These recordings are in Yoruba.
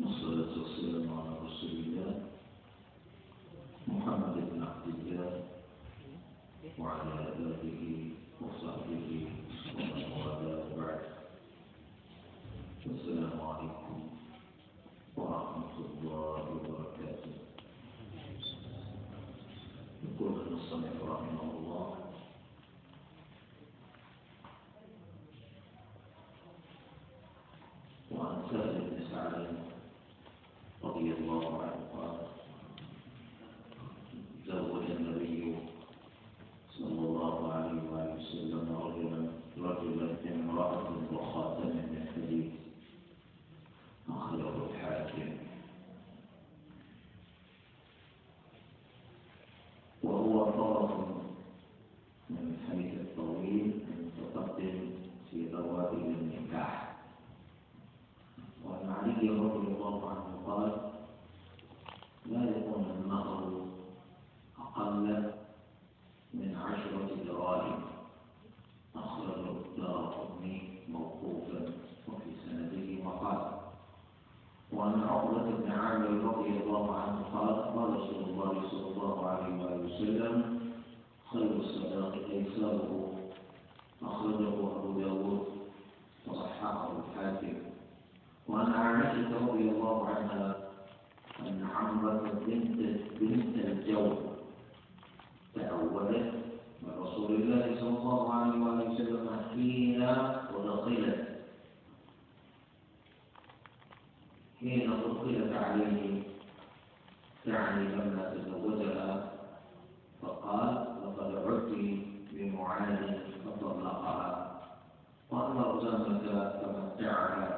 والصلاة والسلام على رسول الله محمد بن عبد الله وعلى آله وصحبه ومن والاه بعد السلام عليكم ورحمة الله وبركاته يقول المصنف رحمه الله أخرجه أبو داود وصححه الحاكم وعن عائشة رضي الله عنها أن عمرة بنت بنت الجو تعودت من رسول الله صلى الله عليه وسلم حين أدخلت حين أدخلت عليه يعني لما تزوجها فقال لقد عدت بمعاذ رحمه الله قال وأما زمك تمتعها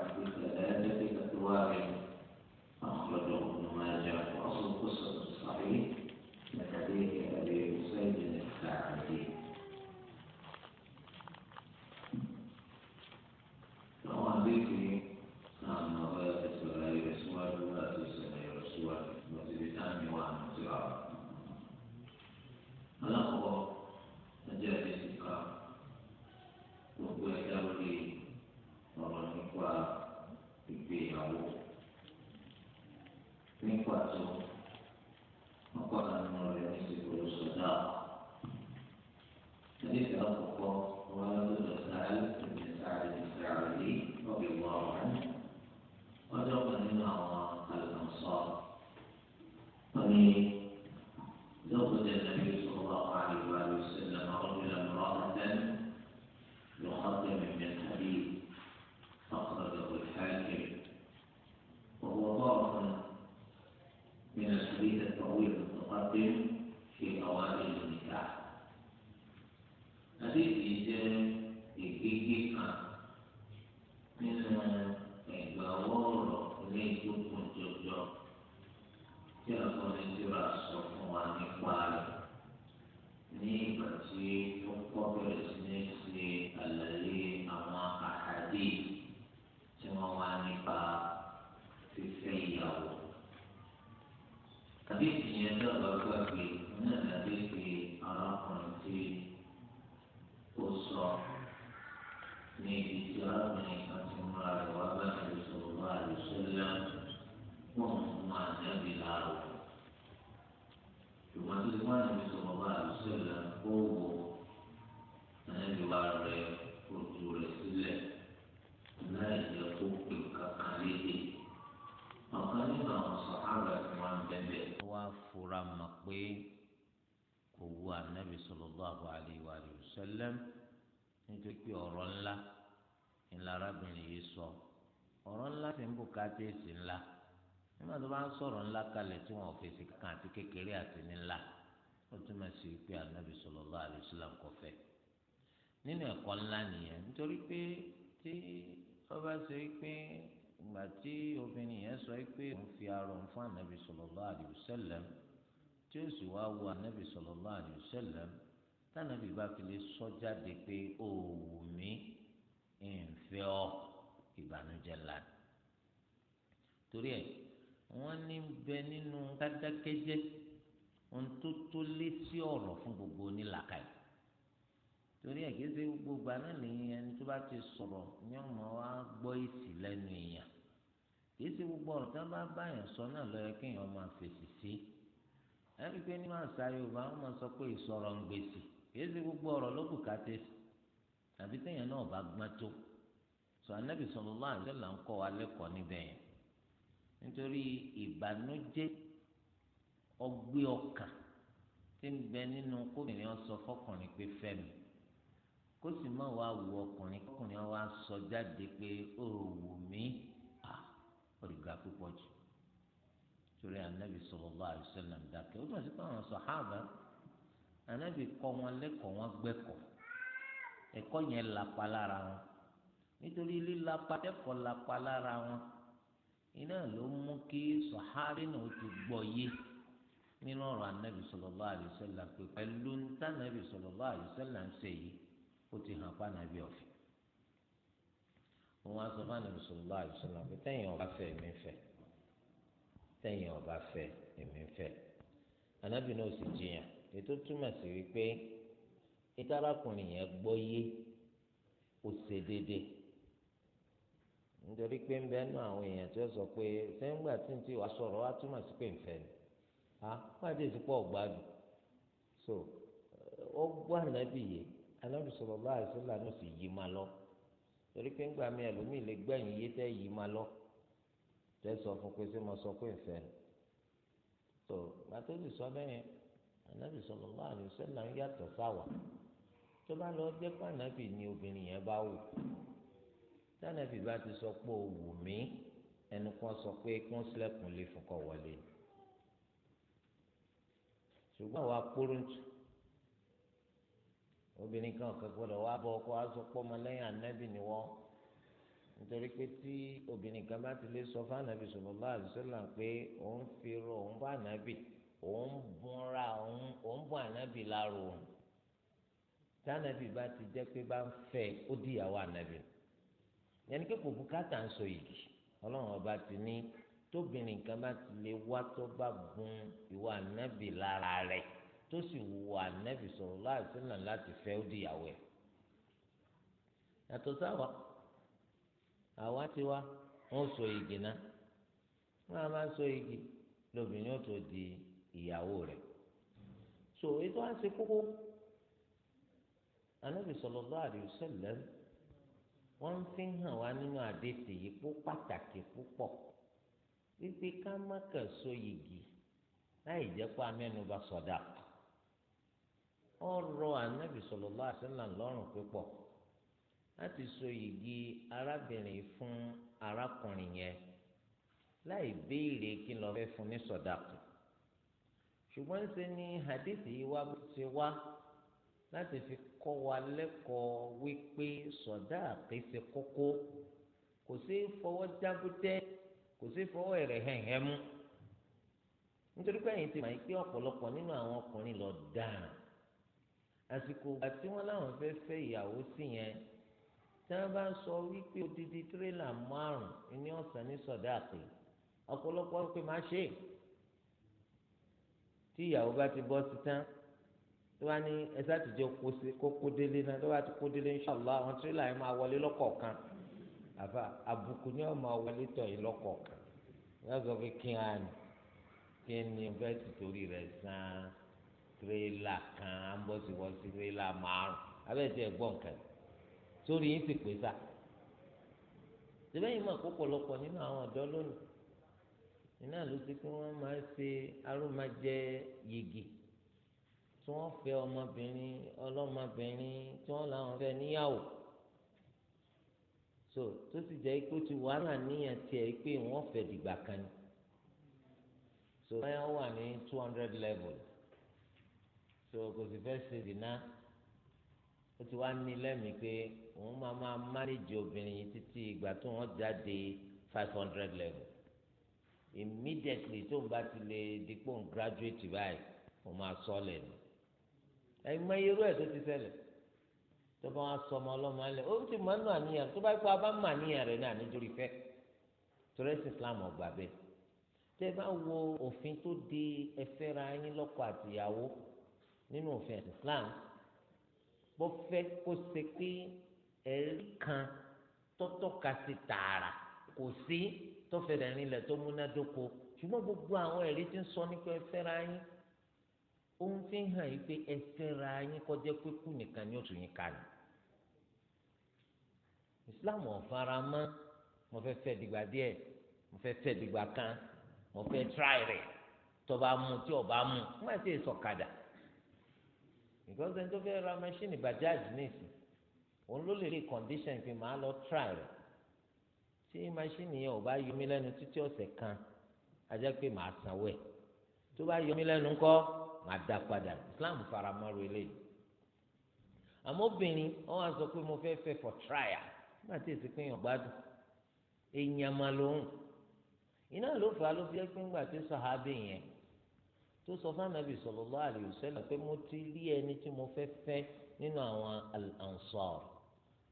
pé ọ̀rọ̀ ńlá ńlá arábìnrin yìí sọ ọ̀rọ̀ ńlá ti ń bùkátà èsì ńlá nígbà tó bá ń sọ̀rọ̀ ńlá kalẹ̀ tí wọ́n fèsì kankan àti kékeré àti ńlá ó túmọ̀ sí pé anabi sallallahu alaihi wasallam kò fẹ́ nínú ẹ̀kọ́ ńlá nìyẹn nítorí pé tí wọ́n bá ṣe pé ìgbà tí obìnrin yẹn sọ pé òun fi arọ fún anabi sallallahu alaihi wasallam tí ó sì wá wo anabi sallallahu alaihi wasallam tánàbí bá fi lè sọ jáde pé òwò mi ìfẹ́ ọ ìbànújẹ́ lánàá torí ẹ wọ́n ní bẹ nínú kádákẹ́jẹ́ ohun tó tó lé sí ọ̀rọ̀ fún gbogbo onílàkàyè torí ẹ kéde gbogbo àná lẹ́yìn ẹni tó bá ti sọ̀rọ̀ yóò mọ wá gbọ́ èsì lẹ́nu èèyàn kéde gbogbo ọ̀rọ̀ tó bá báyàn sọ náà ló yẹ kéèyàn máa fèsì sí ẹni pé nínú àṣà Yorùbá wọ́n máa sọ pé ìsọ̀rọ̀ ń gbèsè. kìí gbogbo ọ̀rọ̀ ló bùkátà sí tàbí téèyàn náà bá gbọ́n tó sọ anábì sallallahu alaihi wasallam ń kọ́ wa lẹ́kọ̀ọ́ níbẹ̀ yẹn nítorí ìbànújẹ́ ọgbẹ́ ọkàn tí ń bẹ nínú kóbìnrin ọsọ fọkùnrin pé fẹ́mi kó sì má wàá ọkùnrin kọkùnrin wa sọ jáde pé ó wù mí à púpọ̀ jù torí anábì dákẹ́ ó sí pé àwọn ànábì kọ́ wọn lẹ́kọ̀ọ́ wọn gbẹ́kọ̀ọ́ ẹ̀kọ́ yẹn lapa lára wọn nítorí lílapa ẹ̀kọ́ lapa lára wọn iná ló mú kí sọ̀hárí náà ti gbọ́ yé nínú ọ̀rọ̀ ànábì sallallahu alaihi wasallam pé pẹ̀lú ntànábì sallallahu alaihi wasallam ń ṣe yìí ó ti hàn pa ànábì ọ̀fẹ́ wọn sọ fún ànábì sallallahu alaihi wasallam pé tẹ́yìn ọba fẹ́ èmi fẹ́ tẹ́yìn ọba fẹ́ èmi fẹ́ ànábì náà sì jiyàn ètò túmọ̀ sí wípé ìtarakùnrin yẹn gbọ́ yé ó ṣe déédéé nítorí pé ń bẹ nú àwọn èèyàn tí ó sọ pé sẹ́ńgbà tí ń ti wàá sọ̀rọ̀ wá túmọ̀ sí pé ń fẹ́ ni a ah, pàdé ìsìnkú ọ̀gbádùn so ó gbọ́ ànábì yìí ànábì sọ̀rọ̀ bá àìsílà náà sì yí ma lọ torí pé ńgbà mi ẹlòmíì lè gbẹ̀yìn yé tẹ́ yí ma lọ tẹ́ sọ fún pé ṣé mo sọ pé ń fẹ́ ni so gbàtó sì sọ bẹ́yẹn ànábì sallallahu alaihi wasallam ń yàtọ̀ sáwà tó bá lọ jẹ́ pé ànábì ni obìnrin yẹn bá wù tànàbì bá ti sọ pé ó wù mí ẹnu kan sọ pé kí wọ́n sílẹ̀kùn lè fún kọ wọlé ṣùgbọ́n àwa kúrúntù obìnrin kan kan gbọ́dọ̀ wá bọ ọkọ asọpọ ọmọlẹ́yìn ànábì ni wọ́n nítorí pé tí obìnrin kan bá ti lè sọ fún ànábì sallallahu alaihi wasallam pé òun fi rọ òun bá ànábì òun búnra òun òun bún ànábì láàrò òun tànàbì bá ti jẹ́ pé bá ń fẹ́ ó dìyàwó ànábì yẹn ni pé kò bùkátà ń sọ yìí ọlọ́run ọba ti ní tóbìnrin kan bá ti lè wá tó bá gun ìwà ànábì lára rẹ̀ tó sì wù ànábì sọ̀rọ̀ láìsí náà láti fẹ́ ó dìyàwó ẹ̀ yàtọ̀ sáwà àwa ti wá wọ́n sọ igi náà wọ́n á máa sọ igi lóbìnrin ó tó di. ìyàwó rẹ̀ so ètò à ń ṣe kókó anabi sallallahu alaihi wasallam wọ́n fi hàn wá nínú àdéhùn yìí pó pàtàkì púpọ̀ wípé ká má kà so yìgì láì jẹ́ pé amẹ́nuba sọ̀dà ọ̀rọ̀ anabi sallallahu alaihi wasallam lọ́rùn púpọ̀ láti so arábìnrin fún arákùnrin yẹn láì béèrè kí lọ́ọ́ fẹ́ fún ní ṣùgbọ́n ṣe ni hadithi yìí wá bó ṣe wá láti fi kọ́ wa lẹ́kọ̀ọ́ wípé sọ̀dá àpèsè kókó kò sí fọwọ́ jábútẹ́ kò sí fọwọ́ ẹ̀rẹ̀ hẹ̀hẹ̀ mú nítorí pé ẹ̀yin ti mọ̀ pé ọ̀pọ̀lọpọ̀ nínú àwọn ọkùnrin lọ dára àsìkò ìgbà tí wọ́n láwọn fẹ́ fẹ́ ìyàwó sí yẹn tí wọ́n bá sọ wípé odidi tírélà márùn-ún ní ọ̀sán ní sọ̀dá àpè ọ̀pọ̀lọpọ̀ pé má ṣe é tí ìyàwó bá ti bọ́ sí tán tó bá ní ẹsẹ àtijọ́ kókó délé náà tó bá ti kó délé inṣàlá àwọn tírélà yẹn máa wọlé lọ́kọ̀ọ̀kan àbá àbùkù ni wọ́n máa wọlé tọ̀ yìí lọ́kọ̀ọ̀kan wọ́n sọ pé kí á nì kí ni bẹ́ẹ̀ ti torí rẹ̀ sàn tírélà kan á ń bọ́ sí wọ́n sí tírélà márùn abẹ́ẹ̀tì ẹ̀gbọ́n kan sórí yín ti pè sá síbẹ̀ yìí mọ̀ kó pọ̀lọpọ̀ nínú àwọn ọ̀dọ́ lónìí iná ló ti pé wọ́n máa ṣe arúmájẹ yege tí wọ́n fẹ́ ọmọbìnrin ọlọ́mọbìnrin tí wọ́n làwọn fẹ́ níyàwó so tó sì jẹ́ pé ó ti wàhálà níyàn tiẹ̀ pé wọ́n fẹ́ dìgbà kan ni so wọ́n wà ní two hundred level so kò sì fẹ́ ṣe dìná ó ti wá ní lẹ́mìí pé òun máa máa mánéjì obìnrin yìí títí ìgbà tó wọ́n jáde five hundred level immediately tó ń bá ti lè dípò ń graduate báyìí mo máa sọ ọ lẹ́nu ẹ̀yin mọ irú ẹ̀ tó ti ṣẹlẹ̀ tó bá wọn sọ ọmọ ọlọ́mọ ẹ̀ lẹ̀ ó ti mọ nù àníyàn tó bá pa bá mà níyàn rẹ̀ náà nítorí fẹ́ torí ẹ̀sìn Islam ọgbà bẹ́ẹ̀ tẹ́ bá wo òfin tó de ẹfẹ́ ra yín lọ́kọ àtìyàwó nínú òfin ẹ̀sìn Islam bó fẹ́ kó ṣe pé ẹ̀rí kan tọ́tọ́ka sí tààrà kò sí tó fẹ̀rẹ̀ rinlẹ̀ tó múnádóko ṣùgbọ́n gbogbo àwọn ẹ̀rí tí ń sọ nípa ẹfẹ́ra yín ó fi hàn yín pé ẹfẹ́ra yín kọjá pé kú nìkan ni ó tún yín kalẹ̀ Islam ọ̀faramọ́ mo fẹ́ fẹ́ dìgbà díẹ̀ mo fẹ́ fẹ́ dìgbà kan mo fẹ́ tíráì rẹ̀ tọba mu tí ọba mu má ti sọ̀kadà because tó fẹ́ ra mẹ́ṣíìnì bajaj nísìn òun ló lè rí condition pé màá lọ tíráì rẹ̀ tí maṣíìnì yẹn ò bá yọ mí lẹ́nu títí ọ̀sẹ̀ kan a jẹ́ pé màá sanwó ẹ̀ tó bá yọ mí lẹ́nu ńkọ́ màá dá padà Islam faramọ́rò eléyìí àmọ́ obìnrin wọ́n wá sọ pé mo fẹ́ fẹ́ for trial nígbà tí èsì pé èèyàn gbádùn èèyàn máa lóhùn iná ló fà á ló fi jẹ́ pé ńgbà tí sàhábì yẹn tó sọ fún anabi sallallahu alaihi wasallam pé mo ti rí ẹni tí mo fẹ́ fẹ́ nínú àwọn al-Ansar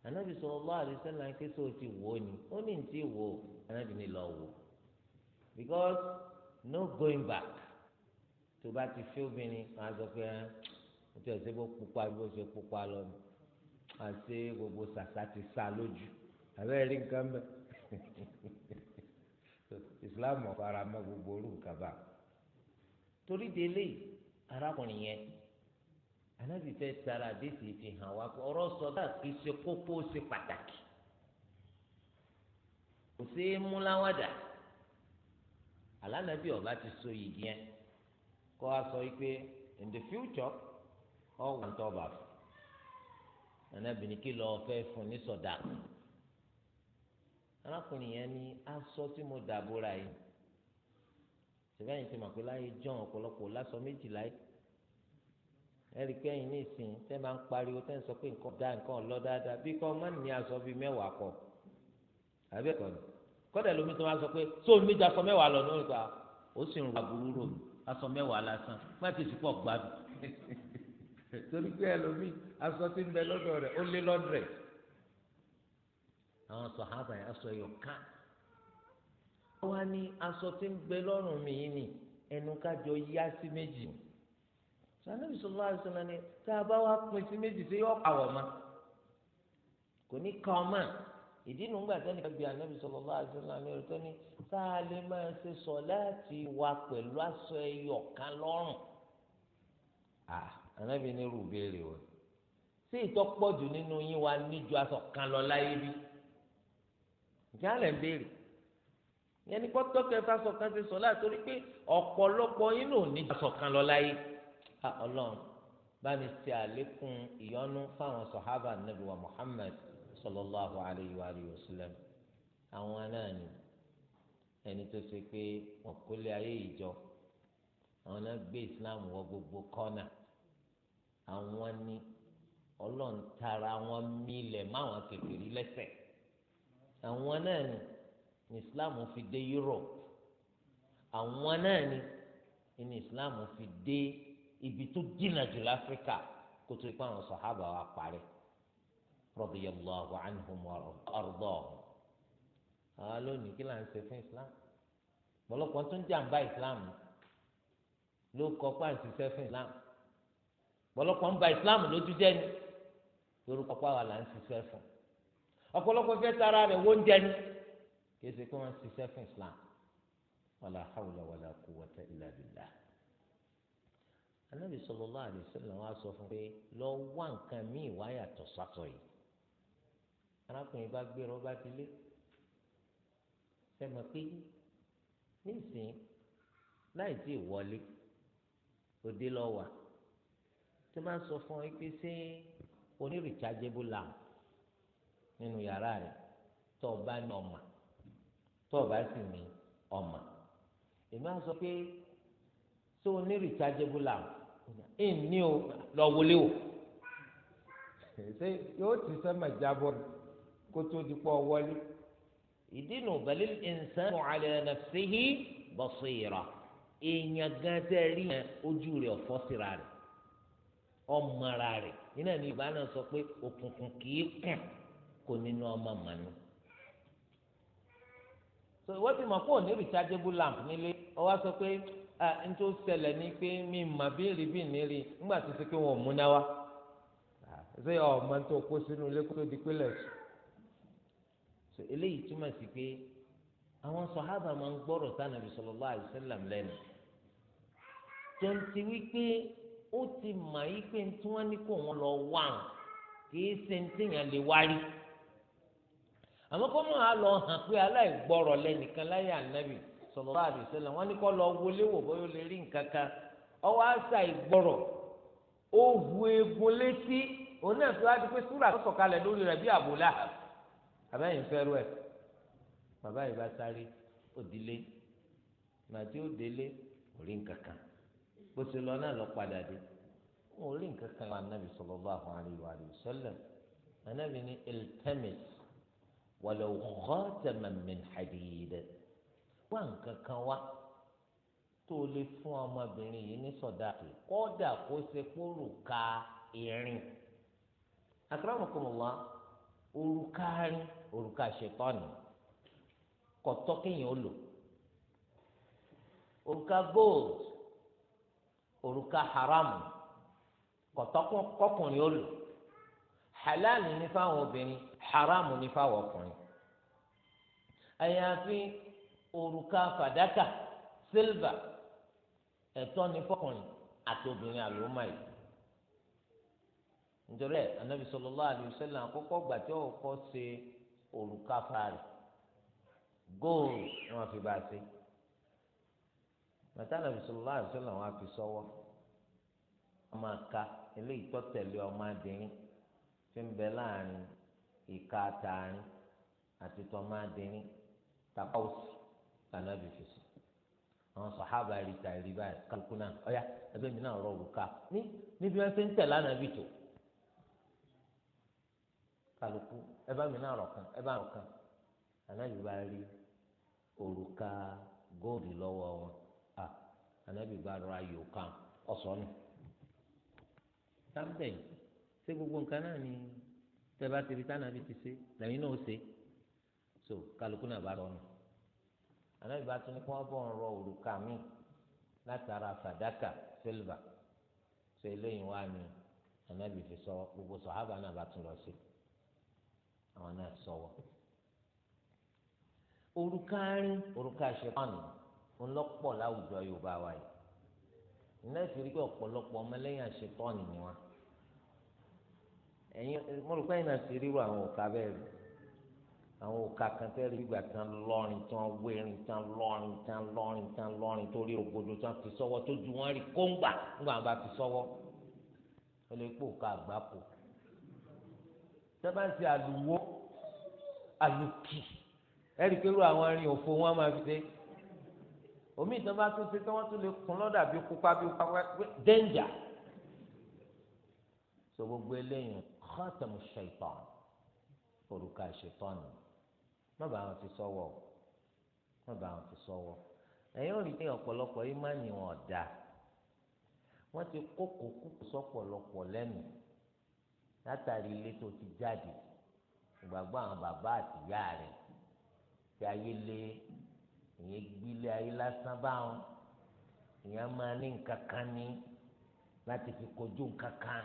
anabi sallallahu alaihi wasallam pé sọ ti wò ó ni ó ní ti wò ó anabi ni lọ wò because no going back tó bá ti fi obìnrin máa sọ pé ẹ ó ti ẹsẹ bó pupa bí ó ṣe pupa lọ àti gbogbo sàṣà ti sá lójú àbẹ́rẹ́ rí nǹkan bẹ́ẹ̀ islam ọ̀fara mọ́ gbogbo orú nǹkan bá torí délé arákùnrin yẹn anabi fẹ́ tara àdéhìí fi hàn wá pé ọ̀rọ̀ sọdá kì í ṣe kókó ṣe pàtàkì kò sí múláwádà alánàbí ọba ti so yìí yẹn kó a sọ pé in the future ọ wà tó ọba fún anabi ní kí lọ fẹ́ fún ní sọdá arákùnrin yẹn ní aṣọ tí mo dàbò yìí sìgbà yìí ti mọ̀ john ọ̀pọ̀lọpọ̀ lásọ méjìlá yìí ẹ̀rí pé ní ìsìn tẹ́ máa ń pariwo tẹ́ ń sọ pé nǹkan dá nǹkan lọ dáadáa bí kò má ní aṣọ bíi mẹ́wàá kọ àbẹ́ kọ́ ni kọ́dà lómi tó máa sọ pé tó omi jà sọ mẹ́wàá lọ ní òrùka ah, ó sì ń ra burú rò mí aṣọ mẹ́wàá lásán má ti sùpọ̀ gbádùn torí pé ẹlòmíì aṣọ ti ń bẹ lọ́dọ̀ rẹ̀ ó lé lọ́dọ̀ rẹ̀ àwọn sọ̀hábà yẹn aṣọ ẹ̀yọ̀ ká wọ́n wá ní aṣọ ti ń bẹ lọ́rùn mi yìí ni ẹnu kájọ sanabi sọlá àṣọlá ni tá a bá wá pín sí méjì sí yọ pa wọ́n ma kò ní ka ọmọ ìdí nu gbà sẹ́ni gbàgbé anabi sọlá àṣọlá ni ọ̀rọ̀ tó ní tá a lè máa ṣe sọ láti wà pẹ̀lú aṣọ ẹyọ kan lọ́rùn anabi ní irú béèrè wọn sí ìtọ́pọ̀jù nínú yín wa níjú aṣọ kan lọ láyé bí jálẹ̀ ń béèrè yẹn ni kọ́tọ́ kẹfà sọ̀kan ṣe sọ láti torí pé ọ̀pọ̀lọpọ̀ yín ló ní aṣọ kan lọ láyé ọlọ́run bá mi ṣe àlékún ìyọ́nú fáwọn sọ̀hábà nàbí wa Muhammad sallallahu alayhi wa alihi wa sallam àwọn náà ni ẹni tó ṣe pé wọn kó lé ayé ìjọ àwọn náà gbé Islam wọ gbogbo kọ́nà àwọn ni ọlọ́run tara wọn mílẹ̀ máwọn kèfèrí lẹ́sẹ̀ àwọn náà ni Islam fi dé Europe àwọn náà ni Islam fi dé ibi tó jìnnà jù láfíríkà kó tó ipá àwọn sàhábà wa parí radiyallahu anhum wa ardahum. àwọn lónìí kí là ń ṣe fún islam pọ̀lọpọ̀ tó ń jàǹbá islam ló kọ pa ìṣiṣẹ́ fún islam pọ̀lọpọ̀ ń ba islam lójú jẹ́ ni lórúkọ pàwọ́ là ń ṣiṣẹ́ fún ọ̀pọ̀lọpọ̀ fẹ́ tara rẹ̀ wọ́n jẹ́ ni kí ẹ ṣe kí wọ́n ṣiṣẹ́ fún islam wàlá hàwùlà wàlá quwwata illa billah anábì sallallahu alaihi wasallam wá sọ fún pé lọ wá nǹkan míì wá yàtọ̀ sátọ̀ yìí arákùnrin bá gbé rọ́bà délé sẹ́mọ̀ pé nísìnyí láì tí ì wọlé òde lọ wà tó máa ń sọ fún ẹ pé ṣé onírìchájébù làm nínú yàrá rẹ tó o bá ní ọmọ tó o bá sì ní ọmọ èmi á sọ pé ṣé onírìchájébù làm ẹ ní o lọ wọlé o ṣe yóò ti sẹ́mà jábọ̀ kó tó di pọ̀ wọlé ìdí nu balil insanu ala nafsihi basira èèyàn gan tẹ́ rí yẹn ojú rẹ̀ ọ̀fọ́ síra rẹ̀ ọmọra rẹ̀ nínú ẹ̀mí ìbá náà sọ pé òkùnkùn kì í kò nínú ọmọ mànú so ìwọ́n ti mọ̀ pé òní rechargeable lamp nílé ọwọ́ sọ pé ntó ṣẹlẹ̀ ni pé mi mà béèrè bí nírí ńgbà tó ṣe pé wọn ò múná wa ọmọ tó kó sínú ilé kó tó di so eléyìí túmọ̀ sí pé àwọn sọ̀hábà máa ń gbọ́rọ̀ sànàbì sallallahu alaihi wasallam lẹ́nu ti ó ti mà yí pé tí wọ́n ní kó wọn lọ wà ń kìí ṣe ní tèèyàn lè wárí àmọ́ kó máa lọ sallallahu alaihi wasallam wọ́n ní kó lọ wọlé wò bóyá ó lè rí nǹkan kan ọwọ́ àṣà ìgbọ̀rọ̀ ó hu egun létí òun náà fi wá di pé súrà tó sọ̀kalẹ̀ lórí rẹ̀ bí Abu Lahab abẹ́yìn fẹ́rù ẹ̀ bàbá yìí bá sáré ó délé màtí ó délé kò rí nǹkan kan bó ṣe lọ náà lọ padà dé wọn ò rí nǹkan kan wà nàbì sallallahu alaihi wa sallam ànábì ní iltamis walau khataman min hadid wá nǹkan kan wá tó lè fún ọmọbìnrin yìí ní sọdáàkì kódà kó ṣe pórùka irin akramakumullah òrùka rin òrùka ṣètọ́ni kọ̀tọ́ kéèyàn ó lò òrùka gold òrùka haram kọ̀tọ́ kọkùnrin ó lò halal ní fáwọn obìnrin haram ní fáwọn ọkùnrin àyàfi. òrùka fàdákà sílvà ẹ̀tọ́ ní fọkùnrin àti obìnrin àlùmọ́ yìí nítorí ẹ̀ anabi sallallahu alaihi wasallam àkọ́kọ́ gbà tí ọkọ ṣe òrùka fàárẹ góòlù ni wọ́n fi bá a ṣe anabi fi eléyìí fi ń bẹ láàrin ìka àtàrin àti lànàbì fi sùn àwọn sàhábà rí ta rí báyìí kálukú náà ọ̀yá ẹgbẹ́ mi náà rọrùn ká ní níbi wọn ṣe ń tẹ̀ lànàbì tó kálukú ẹbá mi náà rọ̀ kan ẹbá rọ̀ kan ànábì bá rí òrùka góòlù lọ́wọ́ wọn à ànábì bá rọ ayò kan ọ̀sọ́ nù sáńtẹ̀ yìí ṣé gbogbo nǹkan náà ni tẹ́ bá ti rí tánàbì ti ṣe lẹ́yìn náà ó ṣe so kálukú náà bá rọ̀ nù ànábì bá tún ní kí wọ́n bọ̀ ń rọ òrùka mi látara fàdákà sílvà ṣe eléyìí wá ní ànábì fi sọ gbogbo sọ̀hábà náà bá tún lọ sí àwọn náà sọ̀wọ́. òrùka rin òrùka ṣẹ̀pánì ńlọ́pọ̀ láwùjọ Yorùbá wa yìí iná ìfìrí pé ọ̀pọ̀lọpọ̀ ọmọlẹ́yìn àṣetọ́ọ̀nì ni wọn. ẹ̀yin mo rò pé ẹ̀yin náà ti ríru àwọn òkà bẹ́ẹ̀ rí àwọn òkà kan tẹ́lẹ̀ gbígbà tán lọ́rin tán wérin tán lọ́rin tán lọ́rin tán lọ́rin torí ògbódò tán fi sọ́wọ́ tó ju wọ́n rí kóńgbà ńgbà wọn bá fi sọ́wọ́ ó lè pò ká àgbákò sẹ́bàǹsì àlùwó àlùkì ẹ̀rí pẹ̀lú àwọn arìn òfo wọn máa fi dé omi ìtàn bá tún ṣe tí wọ́n tún lè kún lọ́dà bí kópa bí kópa dẹ́njà so gbogbo eléyìí khatamu shaitan òrùka shaitan ni má bàa wọn fi sọ́wọ́ má bàa wọn fi sọ́wọ́ ẹ̀yin ò rí pé ọ̀pọ̀lọpọ̀ yìí má ní wọn dà wọ́n ti kókò kúkú sọ́pọ̀lọpọ̀ lẹ́nu látàrí ilé tó ti jáde ìgbàgbọ́ àwọn bàbá àtìyá rẹ̀ tí ayé lé ìyẹn gbílé ayé lásán báwọn ìyẹn máa ní nǹkan kan ní láti fi kojú nǹkan kan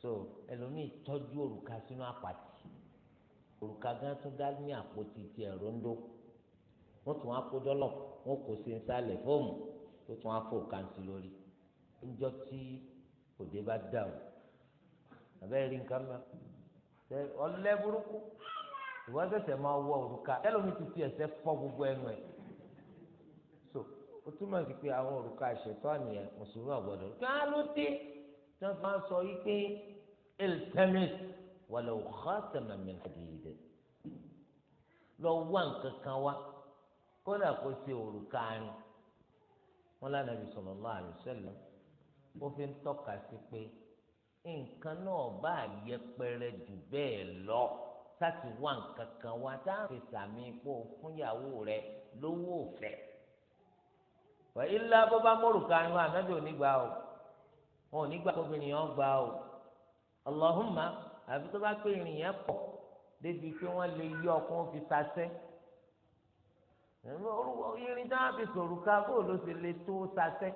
so ẹlòmíì tọ́jú òrùka sínú àpàtì òrùka gán tún dá ní àpótí ti ẹ̀rọ ńdó wọ́n tún á kó dọ́lọ̀ wọ́n kò sí nsàlẹ̀ fóòmù tó tún á fò kàǹtì lórí níjọ́ tí òde bá dà o àbẹ́ rí nǹkan mọ́ ọlẹ́ burúkú ìwọ ṣẹ̀ṣẹ̀ máa wọ òrùka ẹlòmíì ti fi ẹsẹ̀ fọ́ gbogbo ẹnu ẹ̀ so ó túmọ̀ sí pé àwọn òrùka àṣetọ́ nìyẹn mùsùlùmí ọ̀gbọ́dọ̀ kí á ló dé tí wọ́n fi máa sọ yí pé walau khataman min hadid lọ wá nǹkan kan wá kódà kó ṣe òrùka ni wọn lánàá bí sallallahu alaihi wasallam ó fi ń tọ́ka sí pé nǹkan náà bá yẹpẹrẹ jù bẹ́ẹ̀ lọ láti wá nǹkan kan wá tá a fi sàmì kó fúnyàwó rẹ lówó òfẹ́ wàyí ńlá bó bá mórùka ni wọn ànábì ò ní gbà o wọn ò ní gbà kóbìnrin yẹn gbà o Allahumma àfi tó bá pé ìrìn yẹn pọ̀ débi pé wọ́n lè yí ọkùnrin fi sasẹ́ irin tí wọ́n fi sòrùka bóò ló ṣe lè tó sasẹ́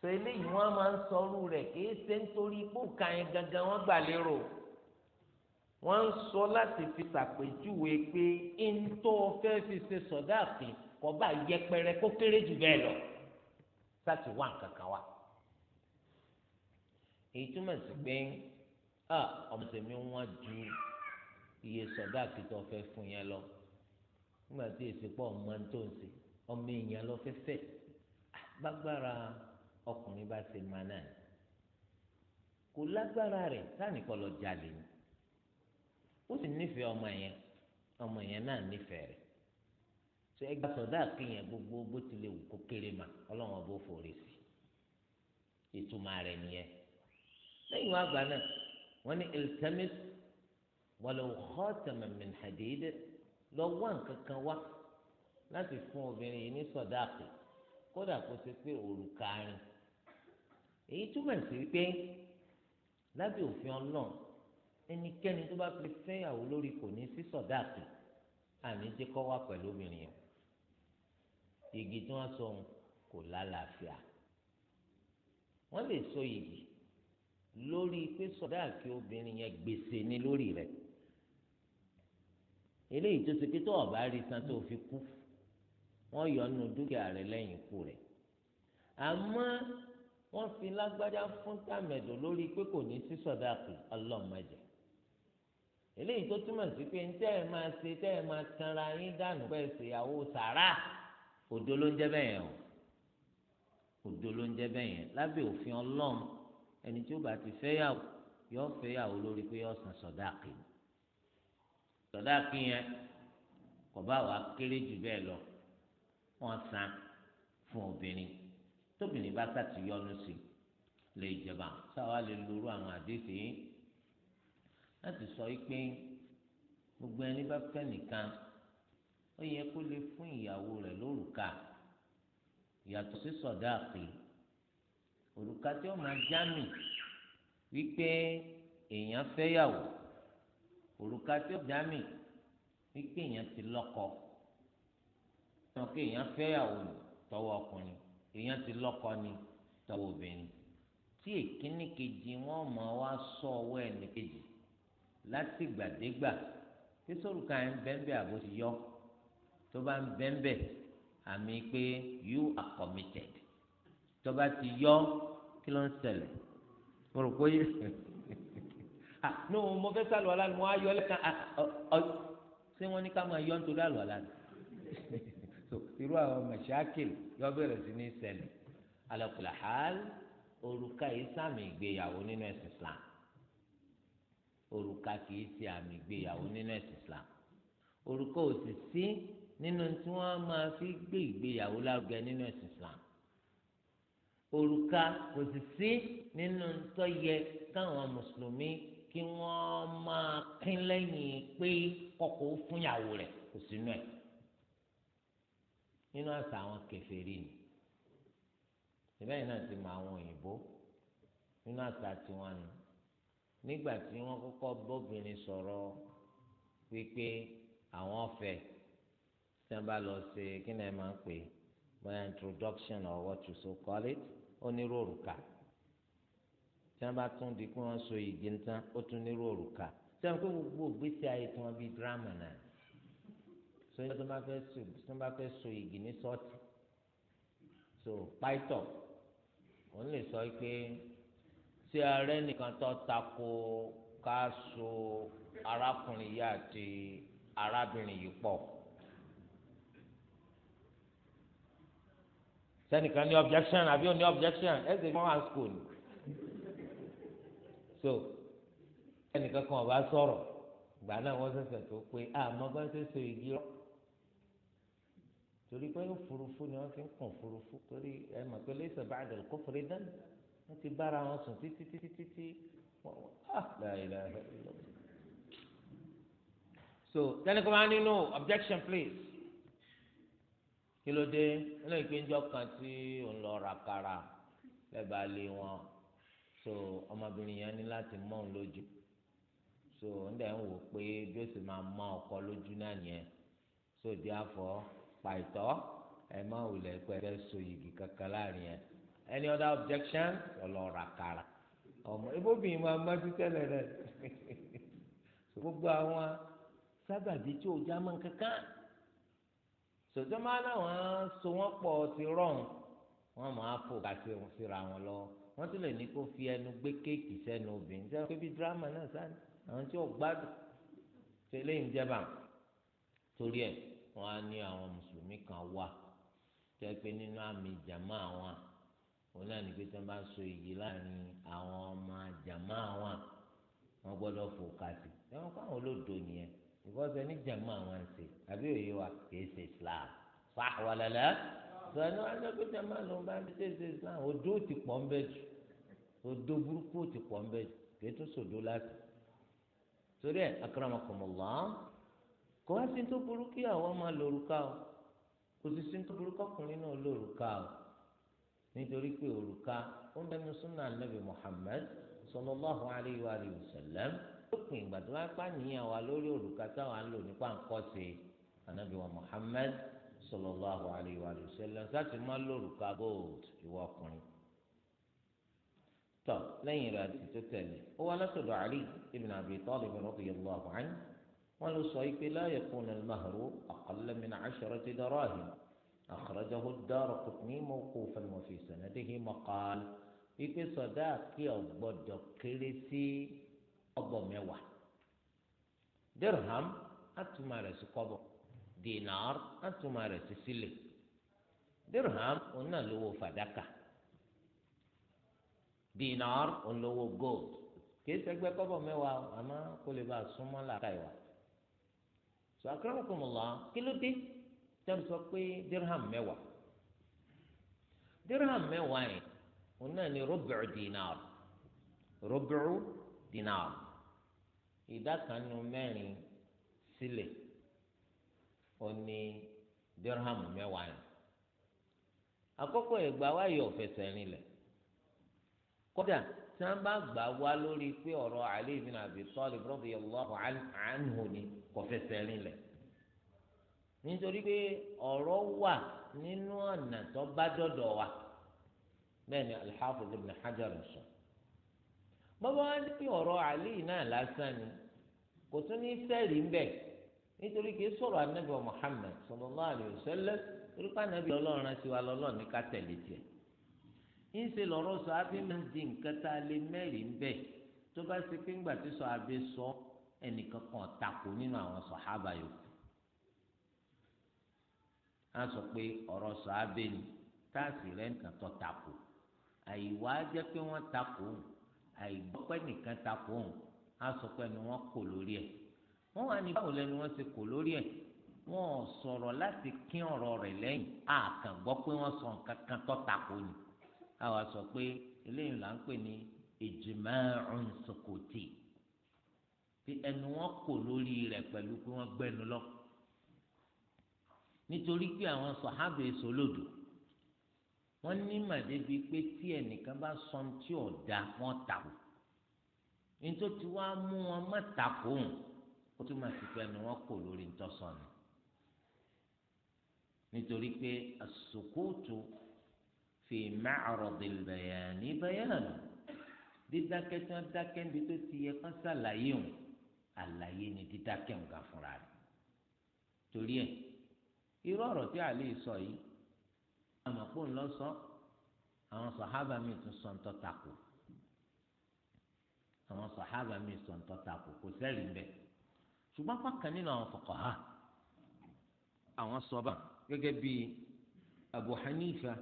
sọ eléyìí wọ́n máa ń sọrú rẹ̀ kìí ṣe nítorí pòkà yẹn gangan wọ́n gbà lérò wọ́n ń sọ láti fi ṣàpèjúwe pé ntọ́ fẹ́ fi ṣe sọ̀dá àfin kọ́ba yẹpẹrẹ kó kéré jù bẹ́ẹ̀ lọ sáti wá nǹkan kan wá èyí túmọ̀ sí pé a ọmọ tèmi wọn ju iye sọdá kìtọ fẹ fún yẹn lọ nígbà tí èsì pọ ọmọ tó ń sè ọmọ èèyàn lọ fẹ fẹ gbàgbára ọkùnrin bá ṣe máa náà kò lágbára rẹ sáàni kọ lọ jalè ni ó sì nífẹ̀ẹ́ ọmọ yẹn ọmọ yẹn náà nífẹ̀ẹ́ rẹ ṣe ẹgbà sọdá kéèyàn gbogbo bó tilẹ̀ wù kó kéré ma ọlọ́run ọba ó forí sí ìtumọ̀ rẹ nìyẹn lẹ́yìn wá gbà náà wọ́n ní iltamis walau khataman min hadid lọ wá nǹkan kan wá láti fún obìnrin yìí ní sọdáàkì kódà kó ṣe pé òrùka rìn èyí túmọ̀ sí pé lábẹ́ òfin ọlọ́run ẹnikẹ́ni tó bá fi fẹ́yàwó lórí kò ní sí sọdáàkì àní jẹ́ kó wá pẹ̀lú obìnrin yẹn igi tí wọ́n sọ kò lálàáfíà wọ́n lè sọ yìí lórí pé sọdáàkì obìnrin yẹn gbèsè ni lórí rẹ̀ eléyìí tó ṣe pé tó ọba rí san tó fi kú wọ́n yọ nínú dúkìá rẹ̀ lẹ́yìn ikú rẹ̀ àmọ́ wọ́n fi lágbájá fún tàmẹ̀dọ̀ lórí pé kò ní sí sọdáàkì ọlọ́mọdé eléyìí tó túmọ̀ sí pé ń tẹ́ ẹ máa ṣe tẹ́ ẹ máa tanra yín dànù pẹ́ ṣèyàwó sàrà òdo ló ń jẹ́ bẹ́ẹ̀ yẹn o òdo ló ń jẹ́ bẹ́ẹ̀ yẹn lábẹ́ òfin ọlọ́run ẹni tí ó bá ti fẹ́yàwó yọ fẹ́yàwó lórí pé yọ san sọ̀dáàkì sọ̀dáàkì yẹn kò bá wàá kéré jù bẹ́ẹ̀ lọ wọ́n san fún obìnrin tóbìnrin bá sàtìyọnu sí lè jẹba sáwa lè lóru àwọn àdéhùn yìí láti sọ pé gbogbo ẹni bá fẹ́ nìkan ó yẹ kó lè fún ìyàwó rẹ̀ lórùka yàtọ̀ sí sọ̀dáàkì. So òrùka tí ó máa jámì wípé èèyàn fẹ́yàwó òrùka tí ó jámì wípé èèyàn ti lọ́kọ náà kí èèyàn fẹ́yàwó ni tọwọ́ ọkùnrin èèyàn ti lọ́kọ ni tọwọ́ obìnrin tí èkíní kejì wọn máa wá sọ ọwọ́ ẹnì kejì láti gbàdégbà tí sórùka yẹn bẹ́ńbẹ́ àbò ti yọ tó bá ń bẹ́ńbẹ́ àmì pé you are committed tó bá ti yọ kí ló ń ṣẹlẹ̀ mo rò pé ah, no mo fẹ́ sálọ ọ̀la ni mo á yọ lẹ́ka ah, ṣé wọ́n ní ká máa yọ nítorí àlọ́ ọ̀la ni irú àwọn mẹ̀ṣáàkìlì yọ bẹ̀rẹ̀ sí ní ṣẹlẹ̀ alẹ́kùlàhàl òrùka yìí sàmì ìgbéyàwó nínú ẹ̀sìn Islam òrùka kìí ṣe àmì ìgbéyàwó nínú ẹ̀sìn Islam òrùka ò sì sí nínú tí wọ́n máa fi gbé ìgbéyàwó lárugẹ nínú ẹ̀sìn Islam òrùka kò sì sí nínú tó yẹ káwọn mùsùlùmí kí wọ́n máa pín lẹ́yìn pé kọ́kọ́ fúnyàwó rẹ̀ kò sínú ẹ̀ nínú àṣà àwọn kèfèrí ni ìbẹ́yìn náà ti mọ àwọn òyìnbó nínú àṣà tiwọn ni nígbà tí wọ́n kọ́kọ́ bóbìnrin sọ̀rọ̀ wípé àwọn ọ̀fẹ́ tí wọ́n bá lọ ṣe kí ni ẹ máa ń pè bóyá introduction or what you so call it onírú òrùka tí wọn bá tún di pé wọn so igi tán ó tún nírú òrùka tí wọn pé gbogbo ògbésí ayé tí wọn bí dírámà náà so yíyá tí wọn bá fẹ́ so igi ní sọ́ọ̀tì so pàìtọ̀ òun lè sọ pé tí ààrẹ nìkan tó tako ká so arákùnrin yìí àti arábìnrin yìí pọ̀. sẹ́nìkan ní objection àbí ó ní objection ẹ̀sẹ̀ fún one school ni so ẹnìkan kan ọba sọ̀rọ̀ gbà náà wọ́n ṣẹ̀ṣẹ̀ tó pé àmọ́ bá ṣe so igi rọ́ torí pé òfurufú ni wọ́n fi ń kùn òfurufú torí ẹ mọ̀ pé lẹ́sẹ̀ bá àdàlù kó fèrè dán wọ́n ti bára wọn sùn títí títí títí wọ́n wọ́n ah láyé láyé lọ́wọ́ so sẹ́nìkan máa nínú objection please kí ló dé nínú ìpéjọ kan tí òun lọ ra kara lẹ́bàá lé wọn so ọmọbìnrin yẹn ní láti mọ́ òun lójú so ń dẹ̀ ń wò pé bí ó sì máa mọ ọkọ lójú náà yẹn so di afọ pàìtọ́ ẹ má wulẹ̀ pé ẹ so yìgì kankan láàrin yẹn any other objection lọ ra kara ọmọ ibóbìnrin máa má ti tẹ́lẹ̀ rẹ̀ gbogbo àwọn sábàbí tí ò já mọ́ kankan sọjọ́ máa láwọn so wọ́n pọ̀ sí rọ̀hún wọ́n máa fò kàṣẹ síra wọn lọ wọ́n tún lè ní kó fi ẹnu gbé kéèkì sẹ́nu obìnrin sẹ́nu pé bí dírámà náà sáni àwọn tí ò gbádùn tẹ́lẹ̀ ń jẹba torí ẹ̀ wọ́n á ní àwọn mùsùlùmí kan wà tẹ́ pé nínú àmì ìjàmá àwọn òun náà ní pé tí wọ́n bá so iyì láàrin àwọn ọmọ àjàmá àwọn wọ́n gbọ́dọ̀ fò kàṣẹ ẹ̀wọ̀n kọ́ àwọn olódò nìyẹn ìbọ́sẹ̀ ní jàmá àwọn àǹsẹ̀ àbí òye wa kìí ṣe islam fàwọlẹ́lẹ́ sọ̀rọ̀ wọn lọ́kọ́ jàmá ló ń bá ń ṣe ṣe islam odó ti pọ̀ ń bẹ̀ jù odó burúkú ti pọ̀ ń bẹ̀ jù kìí tó sòdó láti torí ẹ̀ akramakumullah kò wá sí tó burú kí máa lòrùka o kò sì sí tó burú kọkùnrin náà lòrùka o nítorí pé òrùka ó ń súnà nàbì Muhammad sallallahu lópin ìgbà tó wá pa nìyẹn wa lórí òrùka táwọn á lò nípa nǹkan ṣe anabi wa muhammed sallallahu alayhi wa sallam sáti má lórúka gold ìwọ ọkùnrin tọ lẹ́yìn rẹ̀ àti tó tẹ̀lé ó wá látọ̀dọ̀ ali ibn abi talib radiyallahu anhu wọn lọ sọ ipe la yakunu al-mahru aqalla min asharati darahim akhrajahu ad-daraqutni mawqufan wa fi sanadihi maqal ipe sọdá kí ọgbọdọ kéré kọ́bọ̀ mẹ́wàá dirham atuma rẹ̀ si kọ́bọ̀ dinar atuma rẹ̀ sí sílẹ̀ dirham ọ̀nà lówó fadaka dinar olówó gold gootu. í ṣẹgbẹ́ kọ́bọ̀ mẹ́wàá àmọ́ kó lè bá a súnmọ́ làákà ìwà sọ akérèmọkùnmọlá kí ló pé dirham dirham ni dinar dinar. ìdá kan nu mẹ́rin sílẹ̀ ó ní dírhàmù mẹ́wàá yẹn àkọ́kọ́ ìgbà wa yọ fẹsẹ̀ rinlẹ̀ kódà tí wọ́n bá gbà wá lórí pé ọ̀rọ̀ Ali ibn Abi Talib radiyallahu anhu ni kò fẹsẹ̀ rinlẹ̀ nítorí pé ọ̀rọ̀ wà nínú ọ̀nà tó bá dọ̀dọ̀ wa bẹ́ẹ̀ ni al ibn ni kò tún ní sẹ́ẹ̀rì ń bẹ̀ nítorí kìí sọ̀rọ̀ anábì muhammed sallallahu alaihi torí pé anábì ọlọ́run ti wá lọ́lọ́run ní ká tiẹ̀ ń sọ abẹ́ máa di nǹkan tá a lè mẹ́rin ń bẹ̀ tó bá ṣe pé ńgbà tí sọ abẹ́ kan tako nínú àwọn sàhábà yòókù á sọ pé ọ̀rọ̀ sọ abẹ́ táàsì rẹ̀ nǹkan tó tako pé asopẹ ni wọn kò lórí ẹ wọn wà ní báwo lẹnu wọn ṣe kò lórí ẹ wọn ò sọ̀rọ̀ láti kín ọ̀rọ̀ rẹ̀ lẹ́yìn àkàn gbọ́ pé wọn sọ nǹkan kan tó tako ni àwa sọ pé eléyìí là ń pè ní ijma'un sukuti bí ẹnu wọn kò lórí rẹ̀ pẹ̀lú pé wọn gbẹnu lọ nítorí pé àwọn sọhábẹ sọlódò wọn ní màdébi pé tí ẹnìkan bá sọ tí ò da wọn tako nítorí tí wàá mú wọn má takòun ó tún máa fìfẹ́ ni wọ́n kò lórí ntọ́sọ̀nù nítorí pé àsòkòtò fi ma'radil bayani bayani dídákẹ́ tí wọ́n dákẹ́ níbi tó ti yẹ kán ṣàlàyé òun àlàyé ni dídákẹ́ òun ga fúnra rẹ̀ torí ẹ̀ irú ọ̀rọ̀ tí àlè sọ yìí àmọ̀pọ̀ ńlọ sọ àwọn sàhábà mi tún sọ ń tọ́ takò. àwọn sàhábà mi sọ ń tọ́ta kò kò sẹ́rì ń bẹ̀ ṣùgbọ́n pàkan nínú àwọn fuqaha Abu Hanifa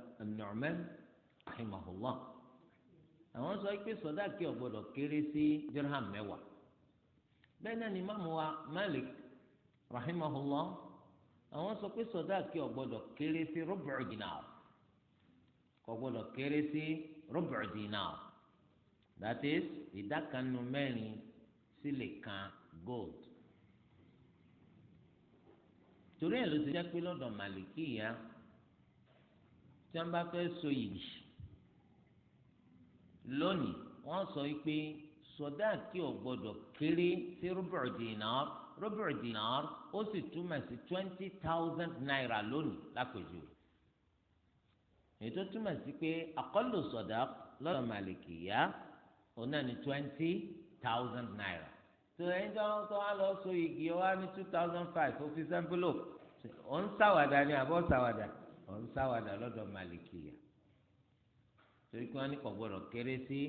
àwọn sọ pé sọdáàkì ọ̀gbọ́dọ̀ kéré dirham mẹ́wàá bẹ́ẹ̀ náà Malik rahimahullah àwọn sọ pé sọdáàkì ọ̀gbọ́dọ̀ kéré sí dinar. that is ìdákanu mẹ́rin sì lè kan gold torí ẹ̀ ló ti jẹ́ pé lọ́dọ̀ màlìkíyà tí wọ́n bá fẹ́ so yìí lónìí wọ́n sọ pé sọdáàkì ò gbọ́dọ̀ kéré sí rúbọ̀ dìnnàr rúbọ̀ dìnnàr ó sì túmọ̀ sí twenty thousand naira lónìí lápèjú ètò túmọ̀ sí pé àkọlù sọdáàkì lọ́dọ̀ màlìkíyà òun náà twenty thousand naira tó ẹni tó tó wá lọ so igi ọ wá ní two thousand five ó fi sẹ́ńpìlò ó ń ṣàwàdà ni àbọ̀ ṣàwàdà ó ń ṣàwàdà lọ́dọ̀ màlìkìyà torí pé wọ́n ní kò gbọ́dọ̀ kéré sí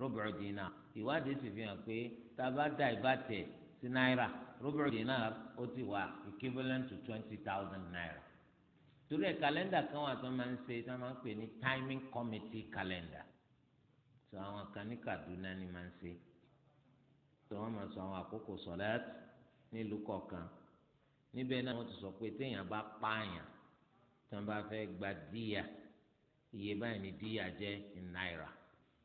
rọ́bìrì dínà ìwádìí sì fi hàn pé tá a bá dá ìbátẹ̀ sí náírà rọ́bìrì dínà ó ti wà equivalent to twenty thousand naira torí ẹ̀ kàlẹ́ndà kan wà tó máa ń ṣe tó máa ń pè ní timing committee calendar sọ àwọn kan ní Kaduna ni máa ń ṣe sọ wọn máa sọ àwọn àkókò sọláàtì nílùú kọ̀ọ̀kan níbẹ̀ náà wọ́n ti sọ pé téèyàn bá pààyàn tí bá fẹ́ gba díyà iye báyìí ni díyà jẹ́ náírà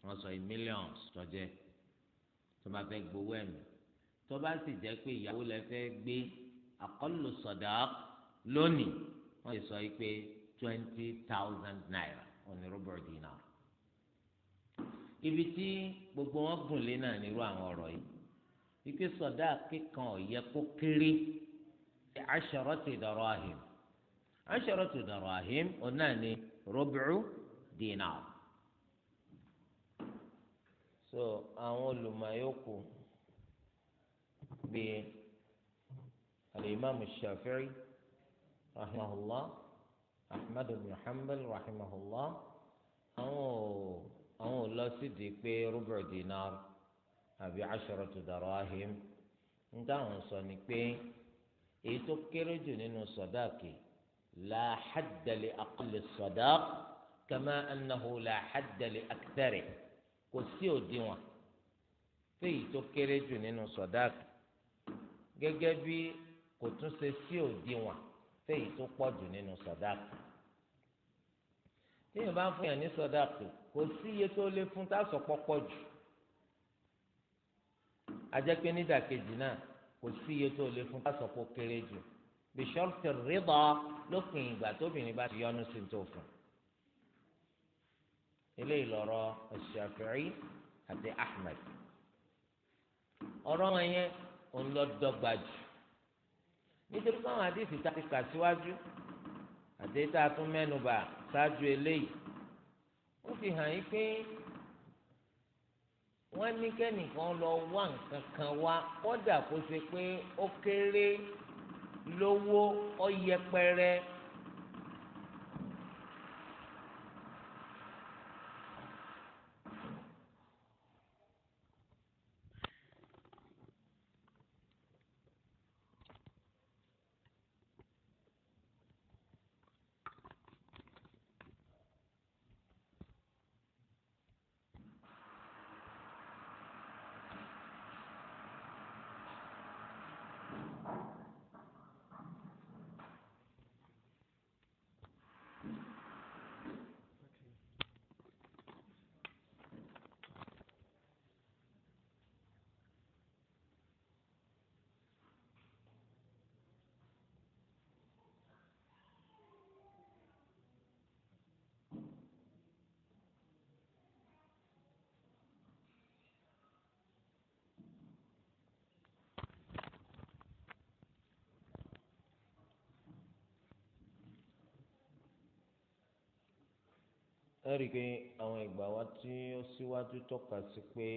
wọ́n sọ millions tó jẹ́ tí wọ́n bá fẹ́ gbowó ẹ̀mí tó bá sì jẹ́ pé ìyàwó lẹ fẹ́ gbé àkọlù sọ̀dà lónìí wọ́n ti sọ pé twenty thousand naira òní rọ́bọ̀ dínà ibi tí gbogbo wọn gùn lé náà nírú àwọn ọ̀rọ̀ yìí wípé sọdá kíkan ọ̀yẹ kó kéré asharati darahim asharati darahim ọ̀nà ni rubu'u dinar so àwọn olùmọ̀yókù bíi alimami shafi'i rahimahullah ahmadu bin hanbal àwọn ò àwọn ò lọ sídìí pé rúbọ̀ dinar àbí asharatu darahim ń táwọn sọ ni pé èyí tó kéré jù nínú sọdáàkì la hadda li aqli sọdáàk kama annahu la hadda li akthari kò sí òdiwọ̀n fèyí tó kéré jù nínú sọdáàkì gẹ́gẹ́ bí kò tún ṣe sí òdiwọ̀n fèyí tó pọ̀ jù nínú sọdáàkì téèyàn bá ń fún yàn ní sọdáàkì kò sí iye tó lé fún tásọ pọpọ jù ajẹ́ pé nídàkejì náà kò sí iye tó lé fún tásọ pọ kéré jù bishọ́ọ̀tì rírọ lópin ìgbà tóbìnrin bá ti yọnu sí tó fún eléyìí lọ́rọ̀ Ṣafi'i àti Ahmed ọ̀rọ̀ wọn yẹn òun lọ dọ́gba jù nítorí pé àdìsí tá ti kà síwájú. Si àtẹ̀yí tá a tún mẹ́nubà ṣáájú eléyìí ó fi hàn yín pé wọ́n ní kẹ́nìkan lọ wá nǹkan kan wá kọ́dà kó ṣe pé ó kéré lówó ó ẹ̀rí pé àwọn ìgbà wa tí ó síwájú tọ́ka sí pé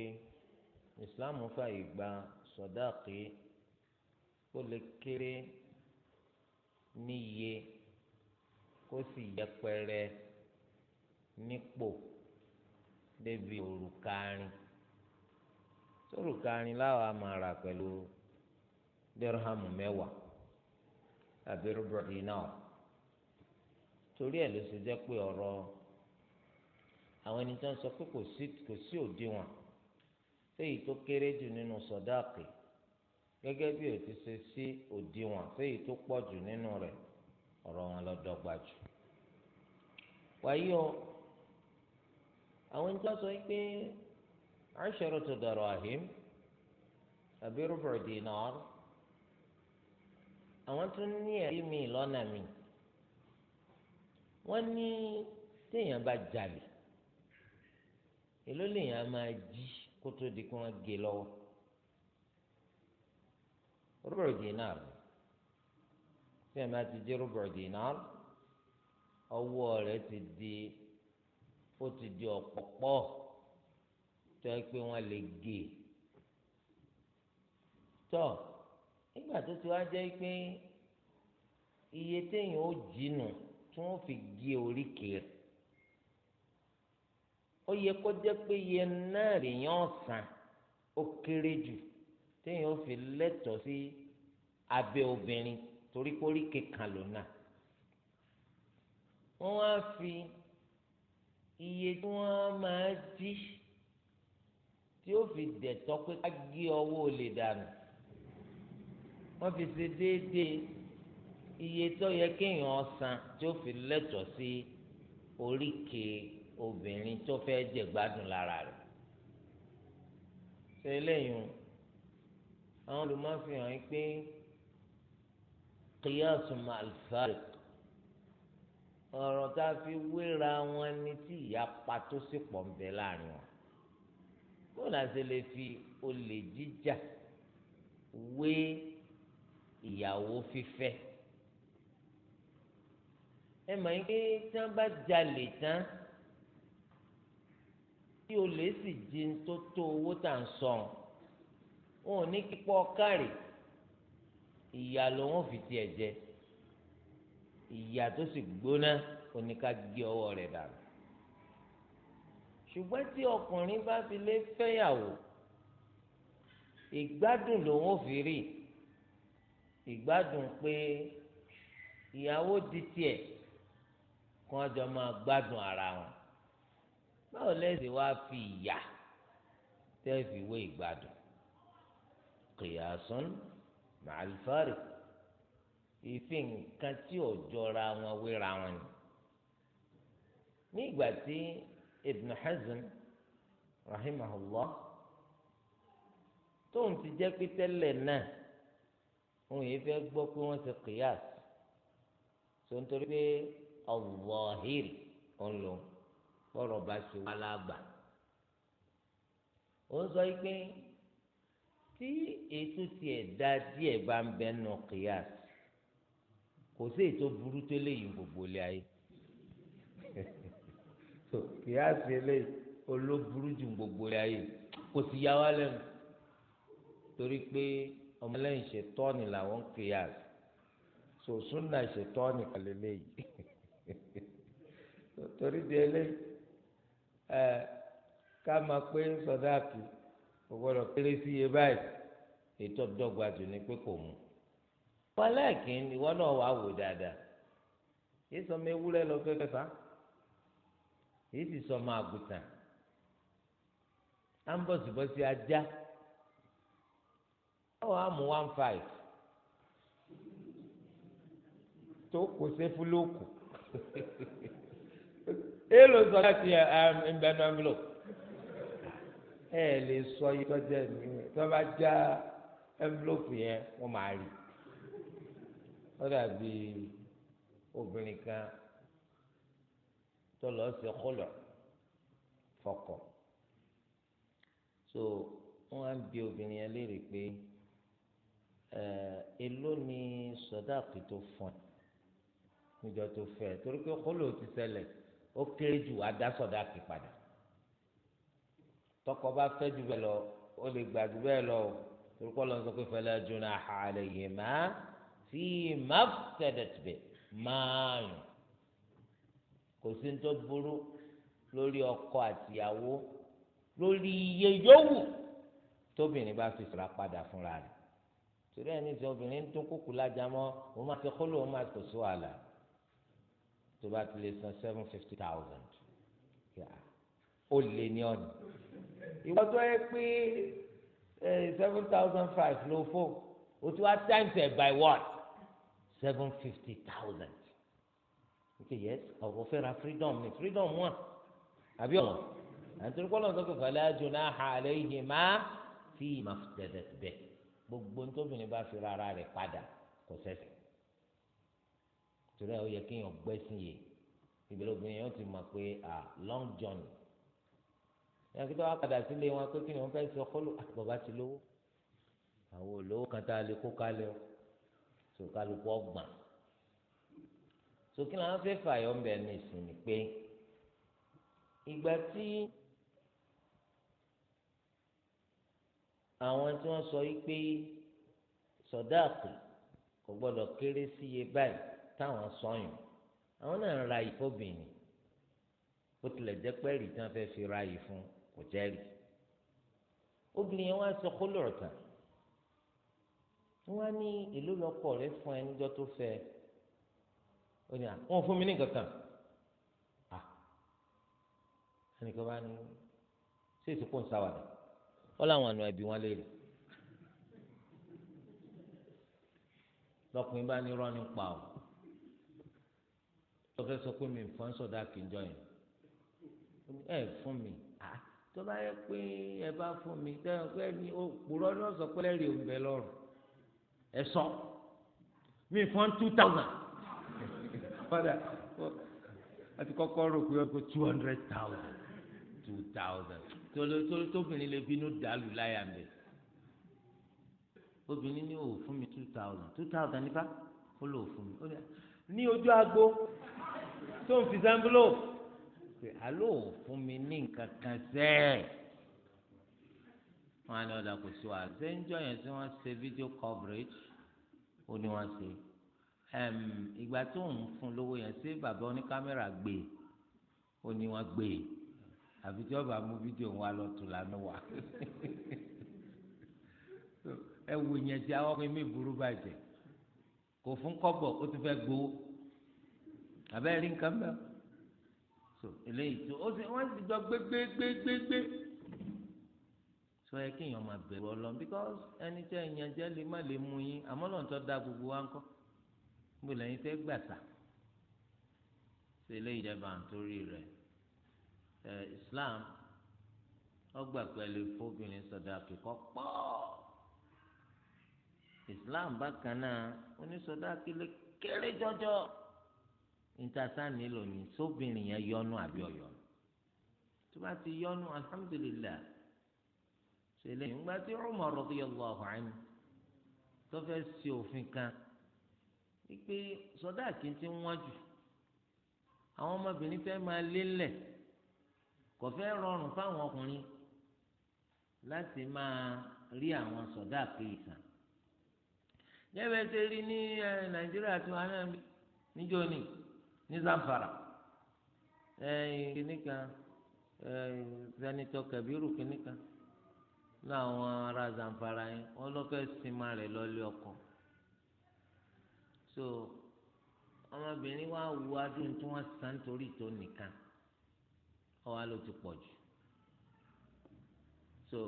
islam fàyè gba sọ̀dáàkì kó lè kéré níye kó sì yẹpẹrẹ nípò débi òrùkarin sórùkarin láwa máa rà pẹ̀lú dẹ́rọ́hàmù mẹ́wàá tàbí rúbọ̀dì náà torí ẹ̀ ló ṣe jẹ́ pé ọ̀rọ̀ àwọn ẹni tó ń sọ pé kò sí kò sí òdiwọ̀n séyìí tó kéré jù nínú sọdáàkì gẹ́gẹ́ bí o ti ṣe sí òdiwọ̀n séyìí tó pọ̀ jù nínú rẹ̀ ọ̀rọ̀ wọn lọ dọ́gba jù. wàyí o àwọn ẹni tó ń sọ pé asharatu darahim àbí rubu dinar àwọn tó ní ẹ̀rí mi lọ́nà mi wọ́n ní téèyàn bá jalè èló lèèyàn á máa jí kó tó di kó wọn gé lọ́wọ́ rúbọ̀ dínàr tí ẹ̀ máa ti jẹ́ rúbọ̀ dínàr ọwọ́ rẹ̀ ti di ó ti di ọ̀pọ̀pọ̀ tó yẹ pé wọ́n lè gé tọ́ nígbà tó ti wá jẹ́ pé iye téèyàn ó jìnnà tí wọ́n fi gé oríkèé ó yẹ kó jẹ́ pé iye náà rèéyàn ọ̀sán ó kéré jù téèyàn ó fi lẹ́tọ̀ọ́ sí abẹ́ obìnrin torí pé oríkè kan ló náà wọ́n á fi iye tí wọ́n máa jí tí ó fi dẹ̀tọ́ pé ká gé ọwọ́ olè dànù wọ́n fi ṣe déédéé iye tó yẹ kéèyàn san tí ó fi lẹ́tọ̀ọ́ sí oríkèé obìnrin tó fẹ́ jẹ gbádùn lára rẹ̀ ṣe eléyìí àwọn olùmọ̀fihàn yìí pé kíyàsùn màlfàrì ọ̀rọ̀ tá a fi wéra wọn ni tí ìyapa tó sì pọ̀ ń bẹ láàrin wọn kó náà ṣe lè fi olè jíjà wé ìyàwó fífẹ́ ẹ mọ̀ yín pé tí wọ́n bá jalè tán tí o lè sì di tó tó owó tà ń sọ̀n wọn ò ní kíkọ́ kárì ìyá ló wọn fi tiẹ̀ jẹ ìyá tó sì gbóná oníka gé ọwọ́ rẹ̀ dànù ṣùgbọ́n tí ọkùnrin bá fi lè fẹ́yàwó ìgbádùn ló wọn fi rí ìgbádùn pé ìyàwó di tiẹ̀ kí wọ́n jọ máa gbádùn ara wọn báwo lẹ́sìn wá fi ìyà tẹ́ fi wé ìgbádùn kìyàsán màálífàrì ìfi nǹkan tí ò jọra wọn wéra wọn ni ní ìgbà tí Ibn Hazm rahimahullah tóun ti jẹ́ pé tẹ́lẹ̀ náà òun yìí fẹ́ gbọ́ pé wọ́n ti kìyàs tó ń pé ọ̀wọ́hìrì òun lòun bọ́rọ̀ bá ṣe wá lágbà ó ń sọ yìí pé tí ètò tiẹ̀ dá díẹ̀ bá ń bẹ́ nù kíyàs kò sí ètò burú tó léyìn gbogbo ilé ayé kíyàs eléyìí olóburú ju gbogbo ilé ayé kò sì yá wa lẹ́nu torí pé ọmọlẹ́yìn ṣètọ́ni làwọn kíyàs sòsúnà ṣètọ́ni kàlélẹ́yìí torí di eléyìí. ẹ ká máa pé sọdáàkì kò gbọdọ̀ kéré sí iye báyìí ètò dọ́gba jù ni pé kò mú wọn lẹ́ẹ̀kín ìwọ náà wàá wò dáadáa yìí sọ ewúrẹ́ lọ fa yìí sì sọ ma à ń bọ̀ síbọ̀ sí ajá báwo á èèlò sọ láti ẹ ẹ mbẹ́nu ẹ̀mílò ẹ lè sọ yìí tọ́jà mi tó bá já ẹ̀mílòpù yẹn wọ́n máa rí ó dàbí obìnrin kan tó lọ sí kọlọ̀ fọkọ̀ so wọ́n á bi obìnrin yẹn léèrè pé èló ni sọdáàkì tó fún ẹ níjọ́ tó fẹ́ torí pé kọlọ̀ ti ṣẹlẹ̀ ó kéré jù adásọdá kì padà tọkọ bá fẹ́ jù bẹ́ẹ̀ lọ ó lè gbà jù bẹ́ẹ̀ lọ torúkọ lọ sọ pé fala junaha alayhima fima iftadat bi máa yùn kò sí ní tó burú lórí ọkọ àtìyàwó lórí iye yòówù tóbìnrin bá fi sọ̀rọ̀ padà fúnra rẹ̀ torí ẹni tí obìnrin ń kúkú lájà mọ́ òun máa ti kóló òun máa kò sí wàhálà tó bá ti lè san seven fifty thousand ó lé ní ọ̀nà ìwọ tó yẹ pé seven thousand five ló fò o tún wá times ẹ̀ by what seven fifty thousand okay yes ọ̀rọ̀ fẹ́ ra freedom ni freedom wà àbí ọ̀wọ̀n àtúntò kọ́ lọ́nà tó kò fàlẹ́ àjùnà àhàlẹ́ yìí má fi ìmọ̀ tẹ̀tẹ̀ bẹ̀ gbogbo nítòbìnrin bá fi rárá rẹ̀ padà kò sẹ́sẹ̀ torí ẹ ó yẹ kéèyàn gbẹ́sìn yìí ìbẹ̀rẹ̀ obìnrin yẹn ó ti mọ̀ pé à long journey ìyá kí tó wá padà sílé wọn pé kí ni wọ́n fẹ́ sọ kọ́lù ah, bàbá ti lówó àwọn olówó kan tá a lè kó kálẹ̀ o so kálukú ọgbọ̀n so kí làwọn fẹ́ fààyọ̀ ń bẹ̀ ní ìsinmi pé ìgbà tí àwọn tí wọ́n sọ yìí pé sọ̀dáàkì kò gbọ́dọ̀ kéré sí iye báyìí táwọn sọyìn àwọn náà ra ìfọbìnrin ó tilẹ̀ jẹ́ pé ẹ̀rì tí wọ́n fẹ́ fi ra yìí fún kò jẹ́rì obìnrin yẹn wá sọ kó lọ̀rọ̀ tà wọ́n á ní ìlú lọ́kọ̀ rẹ fún ẹ níjọ́ tó fẹ́ ó ní à fún mi ní nǹkan ẹnìkan bá ní ṣé ìsìnkú ń sáwàdà wọ́n láwọn àna ẹbí wọn léèrè lọkùnrin bá ní rọ́ọ̀nì pa ọ́ tọ́fẹ́ sọ pé mi fọ́n sọ̀dá kì í jọ yẹn ẹ fún mi tó bá yẹ pé ẹ bá fún mi tẹ́wọ́n pé ní òpùrọ́ náà sọ pé lẹ́rìí òǹbẹ lọ́rùn ẹ sọ mi fọ́n two thousand padà àti kọ́kọ́ rò pé ó pé two hundred thousand two thousand tóbìnrin lè bínú dàlù láyà mi obìnrin ní òfún mi two thousand two thousand nípa ó lò fún mi ó lè ní ojú agbo tó ń fi sẹ́ńbúlò pé àló fún mi ní nǹkan kan sẹ́ẹ̀ wọn á ní ọ̀dà kò sí wa ṣéńjọ yẹn tí wọ́n ṣe fídíò coverage ó ní wọ́n ṣe ìgbà tó ń fún lówó yẹn ṣé bàbá oníkámẹ́rà gbé e? ó ní wọ́n gbé e. àfi tí wọ́n mú fídíò wọn lọ tù lánàá wà ẹ wò yẹn tí àwọn ọkùnrin mi burú bàjẹ́ kò fún kọ́bọ̀ ó tún fẹ́ gbowó àbẹ́ rí nǹkan bẹ́ẹ̀ so eléyìí tó ó sì wọ́n ti jọ gbégbégbégbé sọ yẹ kéèyàn máa bẹ̀rù Ọlọ́run because ẹni tẹ́ ẹ̀yàn jẹ́ lè má lè mú yín àmọ́ lọ́n tó da gbogbo wa ńkọ́ níbo lẹ́yìn tẹ́ gbàtà ṣe eléyìí dẹ́ba nítorí rẹ̀ Islam ọgbà pẹ̀lú fóbìnrin sọ̀dọ̀ àkìkọ́ pọ́ọ́ islam bákan náà onísọdá kílé kéré jọjọ nítasa nílò ní sóbìnrin yẹn yọnu àbí ọyọnu tó bá ti yọnu alhamdulillah ṣẹlẹ̀ ìgbà tí Umar radiyallahu anhu tó fẹ́ ṣe òfin kan wípé sọdá kí n ti wọ́n jù àwọn ọmọbìnrin fẹ́ máa lélẹ̀ kò fẹ́ rọrùn fáwọn ọkùnrin láti máa rí àwọn sọdá kéèkàn yẹ́bẹ̀ ṣe rí ní nàìjíríà tí wà á náà ni ní zamfara kìnnì kan sẹ́nitọ́ kẹ̀bírù kìnnì kan láwọn ará zamfara yẹn wọ́n lọ fẹ́ ọkọ so ọmọbìnrin wa wu adùn tí san nítorí tó nìkan ọwọ́ ló ti pọ̀ jù so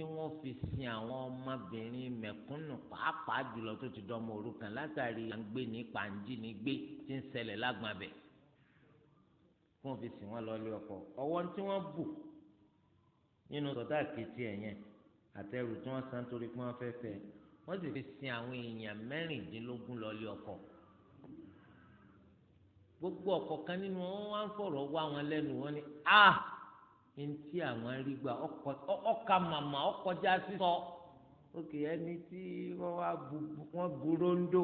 tí wọ́n fi sin àwọn ọmọbìnrin mẹ̀kúnnù pàápàá jùlọ tó ti dọ́mọ òrukàn látàrí à ń gbé ní pàǹjì ní gbé tí ń ṣẹlẹ̀ lágbàbẹ̀ kí wọ́n fi sin wọn lọ ilé ọkọ ọwọ́ tí wọ́n bù nínú sọ̀tà kìtì ẹ̀yẹn àtẹrù tí wọ́n san torí pé wọ́n fẹ́ fẹ́ wọ́n sì fi sin àwọn èèyàn mẹ́rìndínlógún lọ ilé ọkọ gbogbo ọ̀kọ̀ọ̀kan nínú wọn wá ń fọ̀rọ̀ wá wọn lẹ́nu wọn ni ah ntí àwọn rí gbà ọkà màmá ọkọjá sísọ òkè ẹni tí wọ́n wá wọ́n burondo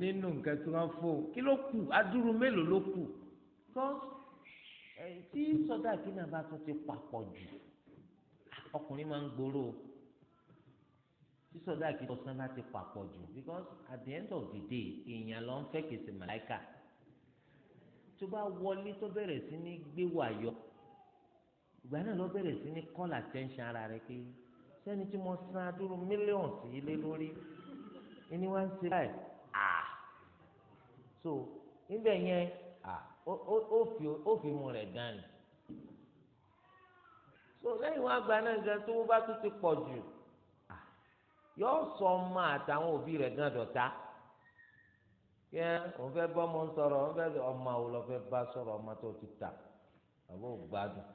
nínú nǹkan tí wọ́n fò kí ló kù adúrú mélòó ló kù tó tí sọdá kínní abá tó ti papọ̀ jù ọkùnrin máa ń gbòòrò tí sọdá kínní ọ̀sán bá ti papọ̀ jù because at the end of the day èèyàn ló ń fẹ́ kìsì màláìkà tó bá wọlé tó bẹ̀rẹ̀ sí ní gbé wàyọ ìgbà náà ló bẹ̀rẹ̀ sí ní call attention ara rẹ pé sẹ́ni tí mo san dúró mílíọ̀nù sí ilé lórí ẹni wá ń ṣe báyìí à so níbẹ̀ yẹn à ó fi mu rẹ̀ dání so lẹ́yìn wá gba náà gan tó bá tún ti pọ̀ jù yọ sọ ọmọ àtàwọn òbí rẹ̀ gan dọ̀tá kí ẹ òun fẹ́ bọ́ ọmọ sọ̀rọ̀ òun fẹ́ ọmọ àwòlọ́fẹ́ bá sọ̀rọ̀ ọmọ tó ti tà àbó gbádùn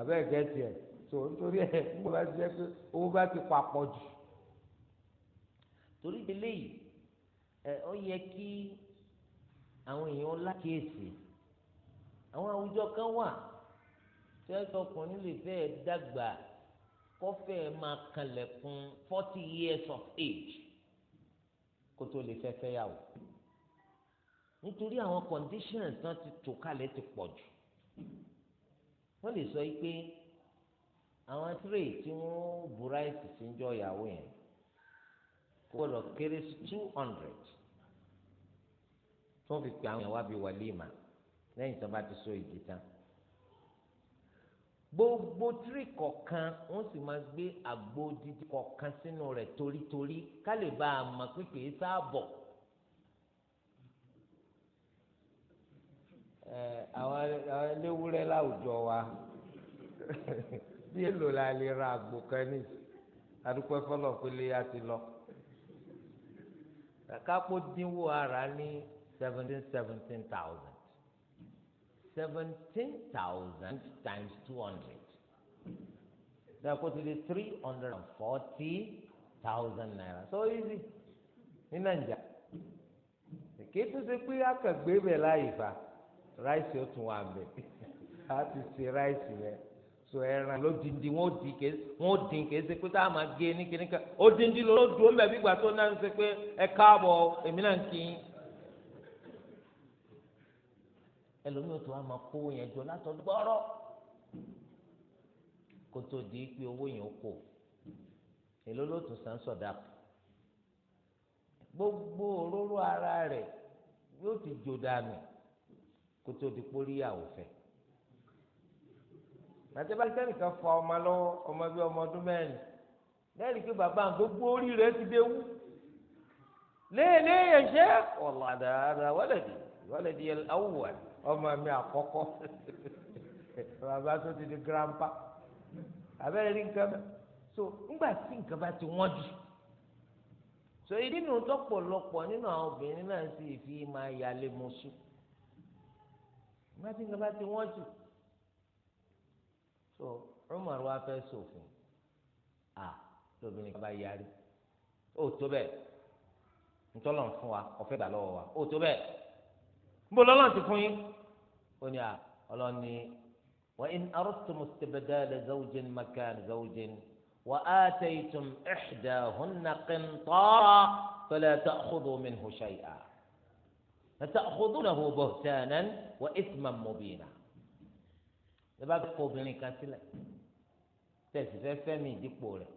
àbẹ́ gẹ̀ẹ́tì ẹ̀ tó nítorí ẹ̀ mo bá ti jẹ́ pé owó bá ti papọ̀ jù torí délé yìí ẹ ọ yẹ kí àwọn èèyàn lákèésì àwọn àwùjọ kan wà tí wọ́n sọ ọkùnrin lè fẹ́ dàgbà kọ́fẹ́ máa kanlẹ̀kùn forty years of age kó tó lè fẹ́ fẹ́yàwó nítorí àwọn conditions tán ti tò kalẹ̀ ti pọ̀ jù wọ́n lè sọ pé àwọn tírèé tí wọ́n bu ráìsì sí ń jọ ìyàwó yẹn kó gbọ́dọ̀ kéré sí two hundred tó ń fi pe àwọn èèyàn wá bíi wàlíìmà lẹ́yìn tó bá ti so ìdí tán gbogbo tírì kọ̀ọ̀kan wọ́n sì máa gbé àgbo dídí kọ̀ọ̀kan sínú rẹ̀ torítorí ká lè bá a mọ̀ pé kì í sáàbọ̀. àwọn eléwúrẹ́ láwùjọ wa bí èlò la lè ra àgbò kan ní adúpẹ́ fọlọ́ pélé a ti lọ kàkàpọ̀ dínwó ara ní seventeen seventeen thousand seventeen thousand times two hundred dàpọ̀ ti di three hundred and forty thousand naira so easy ní nàìjíríà kí tó ṣe pé akàgbé bẹ̀ láyé fa. ráìsì ó tún wà bẹ̀ láti ṣe ráìsì so ẹran ló dindi wọn di kéésì wọn ò dín kéésì pé táwọn máa gé ní kíníkà ó dindi ló ló dùn ó mẹ́bí ìgbà tó náà ń ṣe pé ẹ káàbọ̀ èmi náà ń ẹlòmíràn tó di pé owó yẹn ó gbogbo òróró ara rẹ̀ yóò ti jò dànù. kótó di kórìyàwó fẹ́ nàtẹ́bá sẹ́nìkan fọ ọmọ lọ́wọ́ ọmọ bíi ọmọ ọdún mẹ́rin lẹ́yìn pé bàbá gbogbo orí rẹ̀ ti dé wú léèlé ẹ̀ṣẹ́ ọ̀làdàdà wọ́lẹ̀dì wọ́lẹ̀dì awùwà ọmọ mi àkọ́kọ́ bàbá tó ti di grandpa abẹ́rẹ́ rí nǹkan bẹ́ẹ̀ so ńgbà tí nǹkan bá ti wọ́n jù so ìdí nu tọ́pọ̀lọpọ̀ nínú àwọn obìnrin náà sì fi máa yálé mọ́sùn ìgbà tí nǹkan bá ti wọ́n jù so Umar wa fẹ́ sòfin à lóbìnrin kan bá yarí ó tó bẹ́ẹ̀ ntọ́lọ̀ ń fún wa ọ̀fẹ́ gbà lọ́wọ́ wa ó tó bẹ́ẹ̀ nbọ lọ́lọ́ ti fún yín ó ní à ọlọ́ni wa in aradtum istibdala zawjin makan zawjin wa ataytum ihdahunna qintara fala ta'khudhu minhu shay'a. أتأخذونه بهتانا وإثما مبينا ìbá kó obìnrin kan sílẹ̀ tẹ̀sí fẹ́ fẹ́mi ìdípò rẹ̀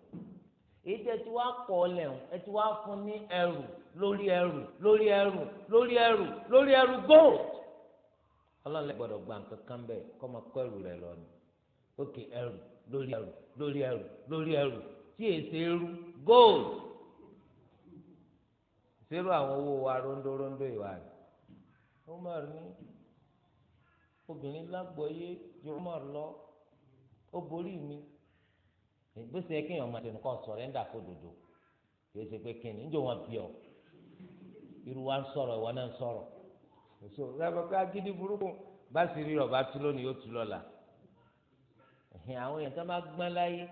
èyí tẹ́ ti wá kọ́ ọ lẹ́hùn ẹ ti wá fún ní ẹrù lórí ẹrù lórí ẹrù lórí ẹrù lórí ẹrù gold ọlọ́run lè gbọ́dọ̀ gba nǹkan kan bẹ́ẹ̀ kọ́ máa kọ́ ẹrù rẹ̀ lọ ni òkè ẹrù lórí ẹrù lórí ẹrù lórí ẹrù tí èsè ẹrù gold ṣerú àwọn owó wa rondórondó ìwà rẹ̀ Umar ní obìnrin lágbọ̀ọ́yé ju Umar lọ ó borí mi ìgbésẹ̀ yẹ kéèyàn máa tẹnu kọ́ sọ̀rẹ́ńdà kó dodo ṣe pé kíni ń wọn bí ọ irú wa ń sọ̀rọ̀ ìwọ náà ń sọ̀rọ̀ èso ọba yóò tú lọ́la àwọn èèyàn tó máa gbọ́n láyé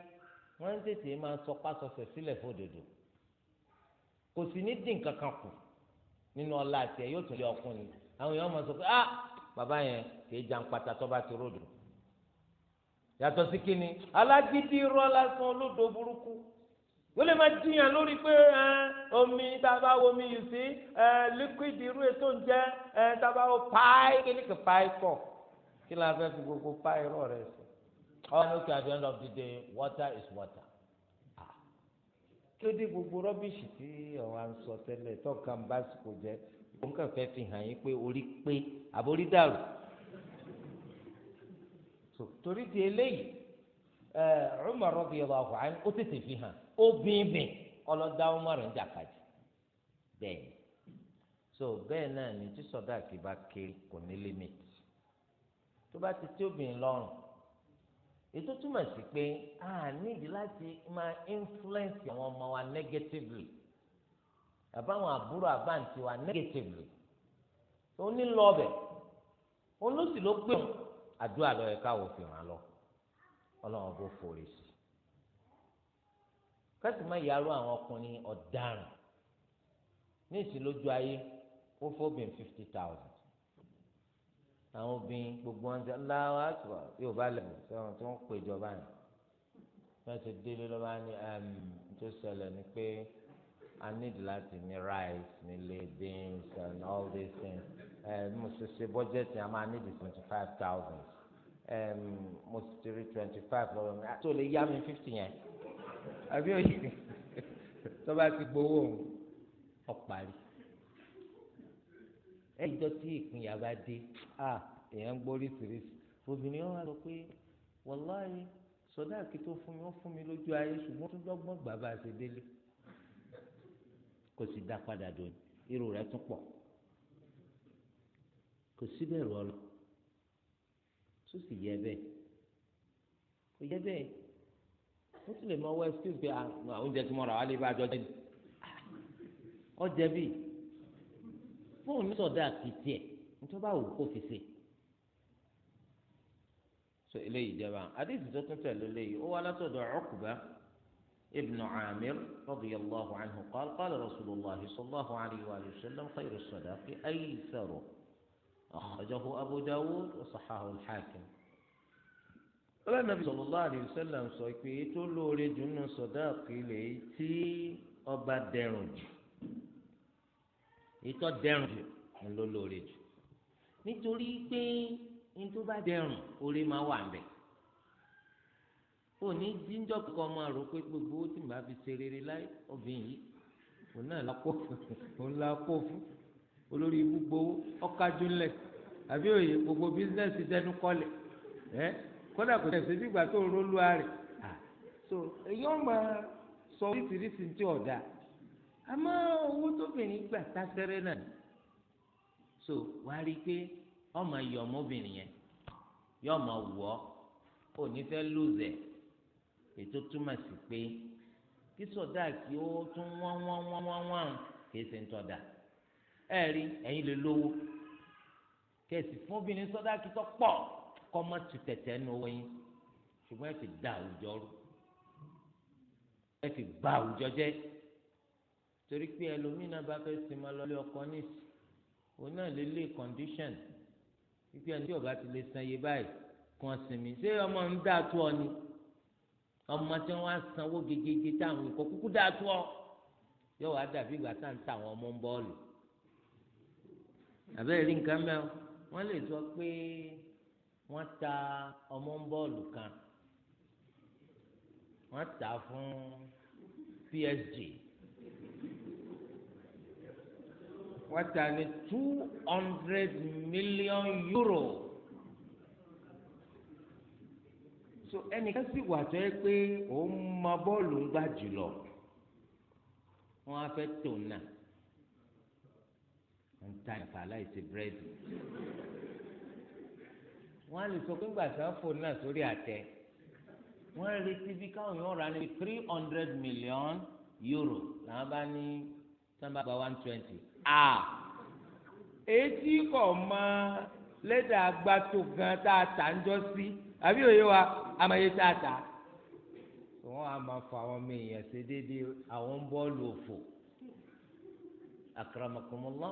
wọ́n ń tètè máa sílẹ̀ kò ní dín kankan kù nínú ọlá àti ẹ̀ yóò àwọn èèyàn sọ pé ah bàbá yẹn kì í jà ń pata tó bá ti ròdò yàtọ̀ sí kínní alágídí irọ́ lásán olódò burúkú wọ́n lè máa jiyàn lórí pé ah, omi tábà wo omi yìí sí eh, liquid irú ètò ń jẹ́ eh, tábà wo páì kí ni kì páì pọ̀ kí la fẹ́ fi gbogbo páì rọ̀ rẹ̀ sí. ọ̀hún ló at the end of the day water is water. Ah. kí ló dé gbogbo rọ́bìṣì tí ọ̀hún à ń sọ tẹ́lẹ̀ tó kàn bá sùkò jẹ́ ó ń kàn fẹ́ fi hàn yín pé orí pé àbórí dàrú torí di eléyìí Umar radiyallahu anhu ó tètè fi hàn ó bínbìn ọlọ́dá Umar ń jàkadì bẹ́ẹ̀ so bẹ́ẹ̀ náà ni tí sọ́dà kì bá kiri kò ní límìtì tó bá ti tí obìnrin lọ́rùn ètò túmọ̀ sí pé a nídìí láti máa influence àwọn ọmọ wa negatively àbáwọn àbúrò àbáǹtí wa negatively tó ní lọ́ọ̀bẹ̀ olùsì ló gbé wọn àdúrà lọ ẹ̀ka òfin hàn lọ ọlọ́run bó forí sí kẹ́sì má yàrá àwọn ọkùnrin ọ̀daràn ní ìsìlójú ayé ó fóbìn fifty thousand àwọn obìnrin gbogbo wọn ṣe ńláwá àtúwà yóò bá lẹ́nu sẹ́wọ̀n tí wọ́n pè jọba yẹn wọ́n ti délé lọ́ba ní tó ṣẹlẹ̀ ni pé. I need láti ní rice le beans and all these things eh, mo ṣe ṣe budget yẹn a máa need twenty five thousand mo ṣe ti rí twenty five lọ́wọ́ mi àti ah, ò lè yá mi fifty yẹn àbí òye tó bá ti gbowó ọ̀parí ẹjọ́ tí ìpínyà bá dé ah, èèyàn ń gbóríṣiríṣi obìnrin wọn wá lọ pé wàláhì sọdáàkì tó fún mi ó fún mi lójú ayé ṣùgbọ́n tó dọ́gbọ́n gbà bá a ṣe délé kó sì dá padà dùn irú rẹ̀ tún pọ̀ kò síbẹ̀ rọ lọ tó sì yẹ bẹ́ẹ̀ kò yẹ bẹ́ẹ̀ ó sì lè mọ ọwọ́ excuse pé àwọn ah, oúnjẹ tí mo rà wá lè bá jọ jẹ ni ah, ọjẹ bíi fóònù sọdọ àkìtì ẹ nítorí bá wù kó fi ṣe so eléyìí jẹba àdéhùn tó tún tẹ̀lé léyìí ó wá látọ̀dọ̀ Ukba. ابن عامر رضي الله عنه قال قال رسول الله صلى الله عليه وآله وسلم خير الصداق أيسره أخرجه أبو داود وصححه الحاكم قال النبي صلى الله عليه وسلم sọ تلو لجن lóore ليتي أبا درج إتو درج ọba dẹrùn jù ètò dẹrùn jù ń lọ lóore jù nítorí òní jíjọ́ kọ́ ọmọ rò pé gbogbo ó ti máa fi ṣe láì obìnrin yìí òun náà òun fún olórí gbogbo ọ̀kájú gbogbo bísíǹnẹ̀sì dẹnu kọ́lẹ̀ ẹ kódà kò tẹ̀sí bí ìgbà tó ń so èyí wọn máa sọ oríṣiríṣi ọ̀dà àmọ́ owó tóbìnrin gbà náà so wàá rí i pé ọmọ yẹn ètò túmọ̀ sí pé kí sọ̀dá kí ó tún wọ́n wọ́n wọ́n wọ́n wọ́n kì í ṣe ń tọ́da ẹ rí ẹ̀yin lè lówó kẹ̀sì fún obìnrin sọ̀dá kí tó pọ̀ kọ́ mọ́ tu tẹ̀tẹ̀ nu owó yín ṣùgbọ́n ẹ fi da àwùjọ rú ẹ fi ba àwùjọ jẹ́ torí pé ẹlòmínà bá fẹ́ sinmi lọ́lé ọkọ nísì òun náà lè lé condition wípé ẹni tí ọba ti lè san iye báyìí kan sinmi ṣé ọmọ ń dá tó ọ ni ọmọ tí wọn á sanwó gegege táwọn ikọ kúkú dáa tó ọ yóò wá dàbí ìgbà tá à ń ta àwọn ọmọ ń bọ́ọ̀lù àbẹ́rẹ́ rí nǹkan mẹ́wọ́ wọ́n lè sọ pé wọ́n ta ọmọ ń bọ́ọ̀lù kan wọ́n tà á fún PSG wọ́n tà ní two hundred million euro. so ẹnìkan sì wà tó yẹ pé òun mọ bọ́ọ̀lù ń gbà jùlọ wọn á fẹ́ tó náà wọn ta ìfà láìsí búrẹ́dì wọn á lè sọ pé gbàtà fóònù náà sórí àtẹ wọn retí bí káwọn yóò rà níbi three hundred million euro làwọn bá ní sábà gba one twenty a etí kọ̀ mọ́ lẹ́dàá gbàtò gan tá a tà ń jọ sí. Si àbí òye wa amáyé tá a tà wọn a máa fọ àwọn ọmọ èèyàn ṣe déédéé àwọn bọ́ọ̀lù òfò àkàràmọ̀kọ́mọ́lá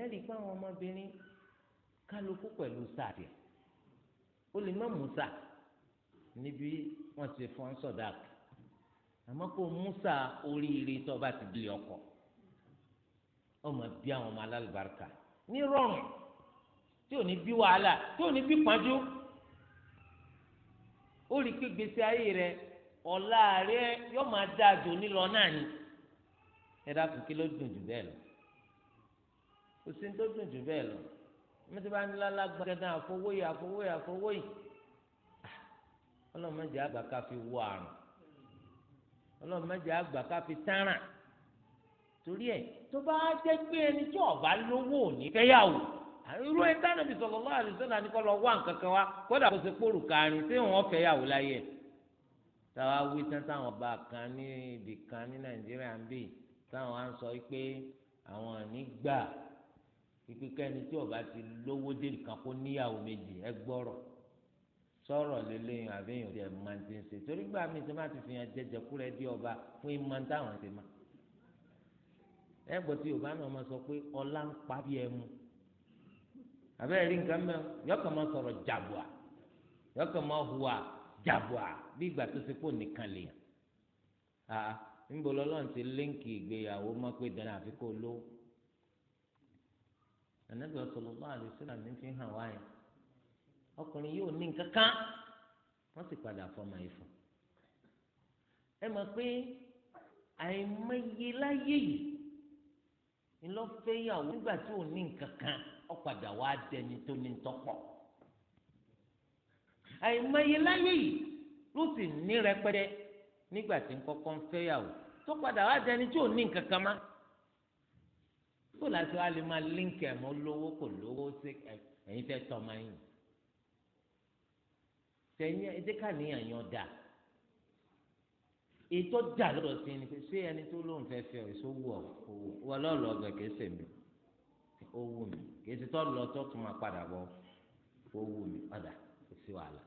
ẹ̀rí pé àwọn ọmọbìnrin kálukú pẹ̀lú sáàtì ó lè má musa níbi wọ́n ti fọ́n sọ̀dák àmọ́ kó musa oríire tó bá ti di ọkọ̀ ọmọ bí àwọn ọmọ alálùbáríkà ní rọrùn tí ò ní bí wàhálà tí ò ní bí pàjọ́ ó rí pé gbèsè ayé rẹ ọ̀la rẹ yóò máa dáa jò nílọ náà ni ẹ dákun kí ló dùn jù bẹ́ẹ̀ lọ kò sí ní tó dùn jù bẹ́ẹ̀ lọ wọ́n ti bá ń lálá gbàgádà àfọwóyè àfọwóyè àfọwóyè ọlọ́run mẹ́jẹ àgbà ká fi wọ àrùn ọlọ́run mẹ́jẹ àgbà ká fi táràn torí ẹ̀ tó bá jẹ́ pé ẹni tí ọ̀bá lówó ò ní fẹ́yàwó irú ẹni tí Ànábì sallallahu alaihi wasallam ni kó lọ wá nǹkan kan wá kódà kó ṣe kóòrù kárin tí wọ́n fẹ́ yàwó láyé táwa wí tán táwọn ọba kan ní ibì kan ní nàìjíríà ń bì táwọn á ń sọ pé àwọn àní gbà pípé kẹ́ni tí ọba ti lówó délì kan kó níyàwó méjì ẹ gbọ́rọ̀ sọ̀rọ̀ lélẹ́yìn àbẹ́yìn òde ẹ̀ máa ti ń ṣe torí gbà mí tí wọ́n ti fi hàn jẹjẹ kúrẹ́ dí ọba fún ìmọ̀ táwọn ti máa ẹgbẹ́ tí yorùbá náà máa sọ pé ọlá ń pa bí ẹmu Abe rí nǹkan mẹ́rin yọkàn máa sọ̀rọ̀ jàbùà yọkàn máa hùwà jàbùà bí ìgbà tó ṣe pò nìkan lè hàn níbo lọ́lọ́run ti líǹkì ìgbéyàwó mọ́ pé dandan àfi kó lówó ànábì sallallahu alaihi ní fi hàn wáyé ọkùnrin yóò ní nǹkan kan sì padà fọmọ yìí fún ẹ pé àìmọye láyé yìí ńlọ nígbà tí ò ní ọ̀padà wá dẹni tó ní tọ́pọ̀ àìmọye láyé yìí ló sì ní rẹpẹtẹ nígbà tí ń kọ́kọ́ ń fẹ́yàwó tó padà wá dẹni tí ò ní nǹkan kan má tó láti wá lè máa líǹkì ẹ̀ mọ́ lówó kò lówó sí ẹ̀yin fẹ́ tọ́ yìí tẹ̀yìn ẹ̀dẹ́ká níyàn yan dáa ètò dà lọ́dọ̀ sí ẹni pé ṣé ẹni tó lóun fẹ́ fẹ́ èso wù ọ́ wọ́n lọ́ọ̀lọ́ ọgbà mi ó wù mí kèsì tó lọ tó tún máa padà bọ̀ ó wù mí padà kò sí wàhálà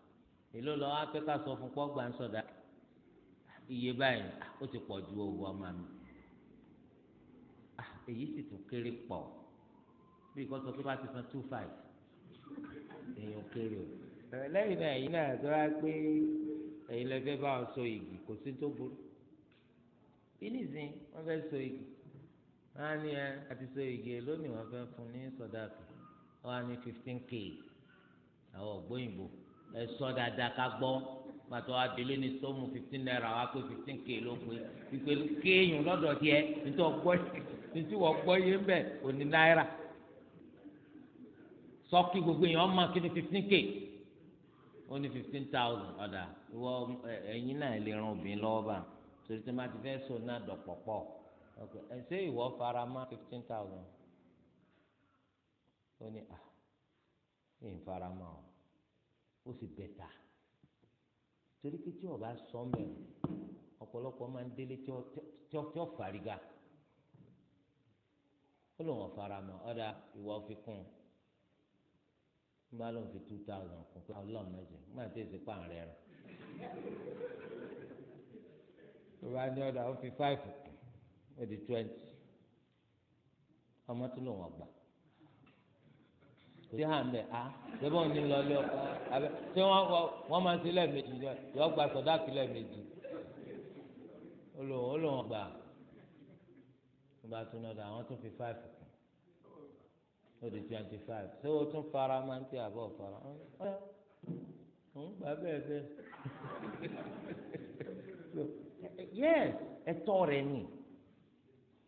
èló lọ wá pé ká sọ fún pọ́gbà ń sọ̀dá iye báyìí ó ti pọ̀ ju owó ọmọ mi èyí sì tún kéré pọ̀ bí kò sọ pé bá ti san two five èèyàn kéré o lẹ́yìn náà èyí náà tó wá pé èyí lè fẹ́ bá wọn so igi kò sí tó burú bí nìsín wọ́n fẹ́ so igi wọn á ní ẹ àti so ìgè lónìí wọn fẹ́ fún ní sọdáàkì wọn á ní fifteen k àwọn ògbóyìnbó ẹ sọ dáadáa ká gbọ́ pàtó abilé ní sọmù fifteen naira wa pé fifteen k ló pé ìpè kéèyàn lọ́dọ̀ tiẹ̀ nítorí ọgbọ nítorí yé ń bẹ òní náírà gbogbo èèyàn máa kí ni fifteen k ó ní fifteen thousand ọ̀dà ìwọ ẹ̀yin náà lè ran obìnrin lọ́wọ́ bá torí tí wọ́n ti fẹ́ sọ náà dọ̀pọ̀ pọ̀. okay ẹ ṣe ìwọ fara mọ́ fifteen thousand ó ní à ah, ní ìfaramọ ọ ó sì bẹta torí pé tí ọba sọ mẹ ọ̀pọ̀lọpọ̀ máa ń délé tí ó fàrígà ó lòun ọfaramọ ọdà ìwọ fi kún un bá lòun fi two thousand kún pé Ọlọ́run mẹjẹ má tẹ ẹsẹ pa rẹ tó bá ní ọdà ó fi five ó di twenty ọmọ tó lò wọn gbà kò sí hàn bẹ́ẹ̀ a lọ́bọ̀ ní lọ́lé ọkọ abẹ tí wọ́n wọ́n máa ń ṣe lẹ́ẹ̀mejì yọ gba sọ̀dáàkì lẹ́ẹ̀mejì ó lò ó lò wọn gbà nígbà tó nọdọ àwọn tó fi five kù ó di twenty five ṣé o tún fara máa ń tẹ àbọ̀ fara ó gbà bẹ́ẹ̀ bẹ́ẹ̀ yes ẹ̀tọ́ rẹ̀ nìyí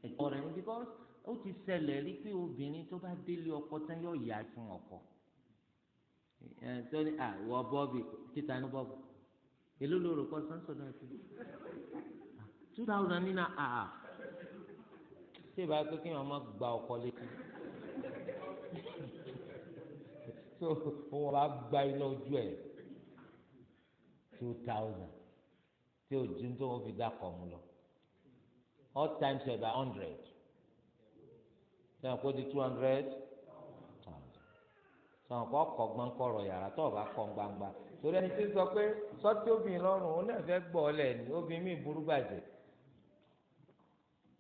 ẹ̀tọ́ rẹ̀ ni because ó ti ṣẹlẹ̀ rí pé obìnrin tó bá délé ọkọ tán yóò yá fún ọkọ sọ́ni à wọ bọ́ọ̀bì títa ní bọ́ọ̀bù èló ló rò kọ́ sánsọ̀dọ̀ ẹ̀sìn two thousand nínú àà ṣé ìbá pé kí wọn máa gba ọkọ létí so wọn bá gba iná ojú ẹ two thousand tí ojú tó wọn fi dá kọ̀ mu lọ all times ẹ̀ by hundred sọ̀rọ̀ kó di two hundred thousand sọ̀rọ̀ kó ọkọ̀ gbọ́nkọ̀rọ̀ yàrá tó o bá kọ́ gbangba torí ẹni tí sọ pé sọ́tí obìnrin lọ́rùn ó náà fẹ́ gbọ́ ọ lẹ̀ obìnrin mi burú bàjẹ́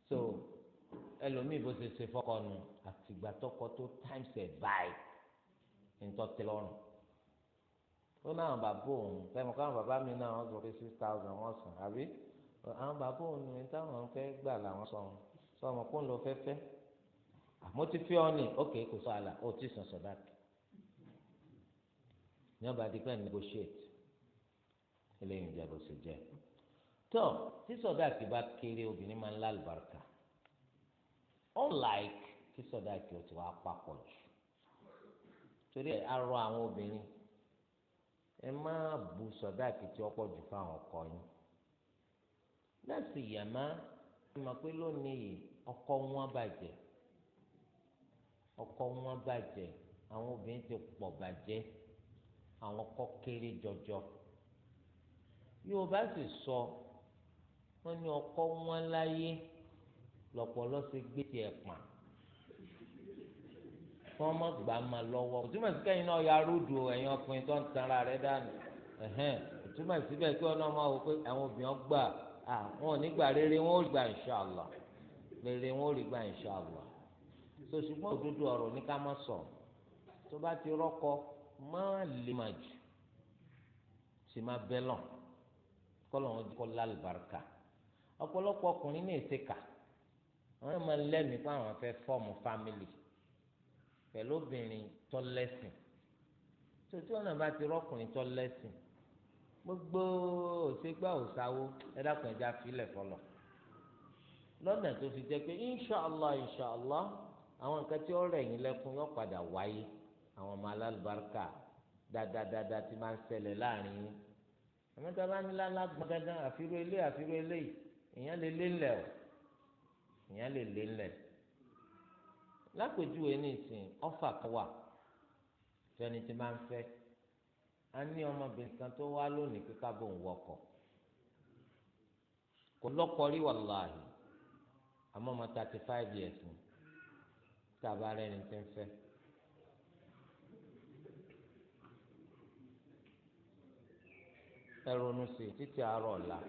so ẹlòmíì bó ṣe ṣe fọkọ nu àtìgbà tọkọ tó times ẹ̀ báyìí ntọ́ tẹ lọ́rùn ó náà bàbá òun fẹ́mi káwọn bàbá mi náà wọ́n sọ pé six thousand wọ́n sàn àbí àwọn bàbá òun ni táwọn fẹ́ gbà làwọn sọ wọn sọ ọmọ kó ń lọ fẹ́ fẹ́ àmọ́ ti fi ọ́nì ókè kò sọ àlà ó ti sàn sọ̀dá ní ọba adigun negotiate eléyìí ń bó ṣe jẹ tó tí sọ̀dá kì bá kéré obìnrin máa ń lálùbáríkà unlike tí sọ̀dá kì ó ti wá papọ̀ jù torí ẹ̀ arọ àwọn obìnrin ẹ má bu sọ̀dá kì tí ó pọ̀ jù fáwọn ọkọ yín láti yàmá ìmọ̀ pé lónìí yìí ọkọ wọn bàjẹ́ ọkọ wọn bàjẹ́ àwọn obìnrin ti pọ̀ bàjẹ́ àwọn ọkọ kéré jọjọ yóò bá sì sọ wọn ní ọkọ wọn láyé lọpọlọ ṣe gbé tiẹ̀ pà kí wọn má gbà má lọ́wọ́ òtúmọ̀ sí kẹ́yìn náà ya rúdù ẹ̀yìn ọkùnrin tó ń tanra rẹ̀ dànù òtúmọ̀ síbẹ̀ kí wọn náà máa wò pé àwọn obìnrin gbà wọn ò ní gbà rere wọn ò gbà inṣàlá rere wọn ò gbà inṣàlá so ṣùgbọ́n òdodo ọ̀rọ̀ ní ká má sọ tó bá ti rọ́kọ má lè má jù sì má bẹ́ lọ kọ́lọ̀ wọn kọ́ lálùbáríkà ọ̀pọ̀lọpọ̀ ọkùnrin ní ìṣèkà wọn máa lẹ́mìí pé àwọn fẹ́ fọ́ọ̀mù fámìlì pẹ̀lú obìnrin tọ́lẹ́sìn tó tí wọn náà bá ti rọ́kùnrin tọ́lẹ́sìn gbogbo òṣègbà òṣàwò ẹ dákun ẹja filẹ fọlọ lọ́nà tó fi jẹ́ pé inṣàlá inṣàlá àwọn nǹkan tí ó rẹ̀ yín lẹ́kún yóò padà wáyé àwọn ọmọ alálùbáríkà dáadáa ti máa ń ṣẹlẹ̀ láàrin yín àmọ́tá bá ní lálágbọ́n dandan àfirú ilé àfirú ilé èèyàn lè lé ńlẹ̀ o èèyàn lè lé ńlẹ̀ lápèjúwe ní ìsìn ọ̀fà kan wà fẹ́ni tí máa ń fẹ́ a ní ọmọbìnrin kan tó wá lónìí pé kábò ń kò lọ́kọ rí wàláhì àmọ́ ọmọ thirty five years ni tàbá rẹ̀ ni ti ń fẹ́. ẹ ronú sí i títí àárọ̀ ọ̀la.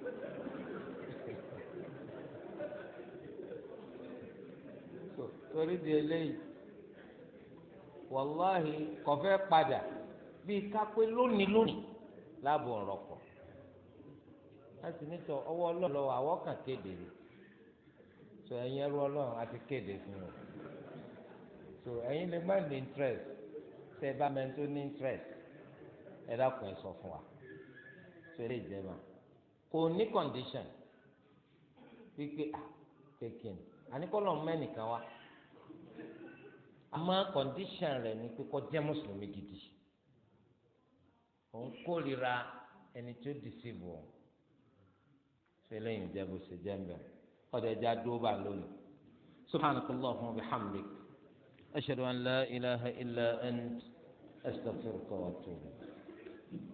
torí di padà. bíi kápẹ́ lónìí lónìí láàbò ọ̀rọ̀pọ̀ láti nítọ ọwọ́ ọlọ́run lọ́wọ́ àwọ̀ kàn kéde rẹ̀ so ẹ̀yin ẹrú ọlọ́run á kéde fún wọn so ẹ̀yin lè má ní interest tẹ́ ẹ bá mẹ́tò ní interest ẹ dákun ẹ sọ fún wa so ẹ lè ma kò ní condition wípé ah kékin àníkọ́lọ́ mẹ́nìkan wa àmọ́ condition rẹ̀ ni pé kó jẹ́ mùsùlùmí gidi òun kórìíra ẹni tó dìsìbò òun ṣe lẹ́yìn ìjẹ́bù ṣe jẹ́ ń bẹ̀ ọ̀dọ̀ ẹja dúró bá lónìí سبحانك اللهم وبحمدك أشهد أن لا إله إلا أنت أستغفرك وأتوب إليك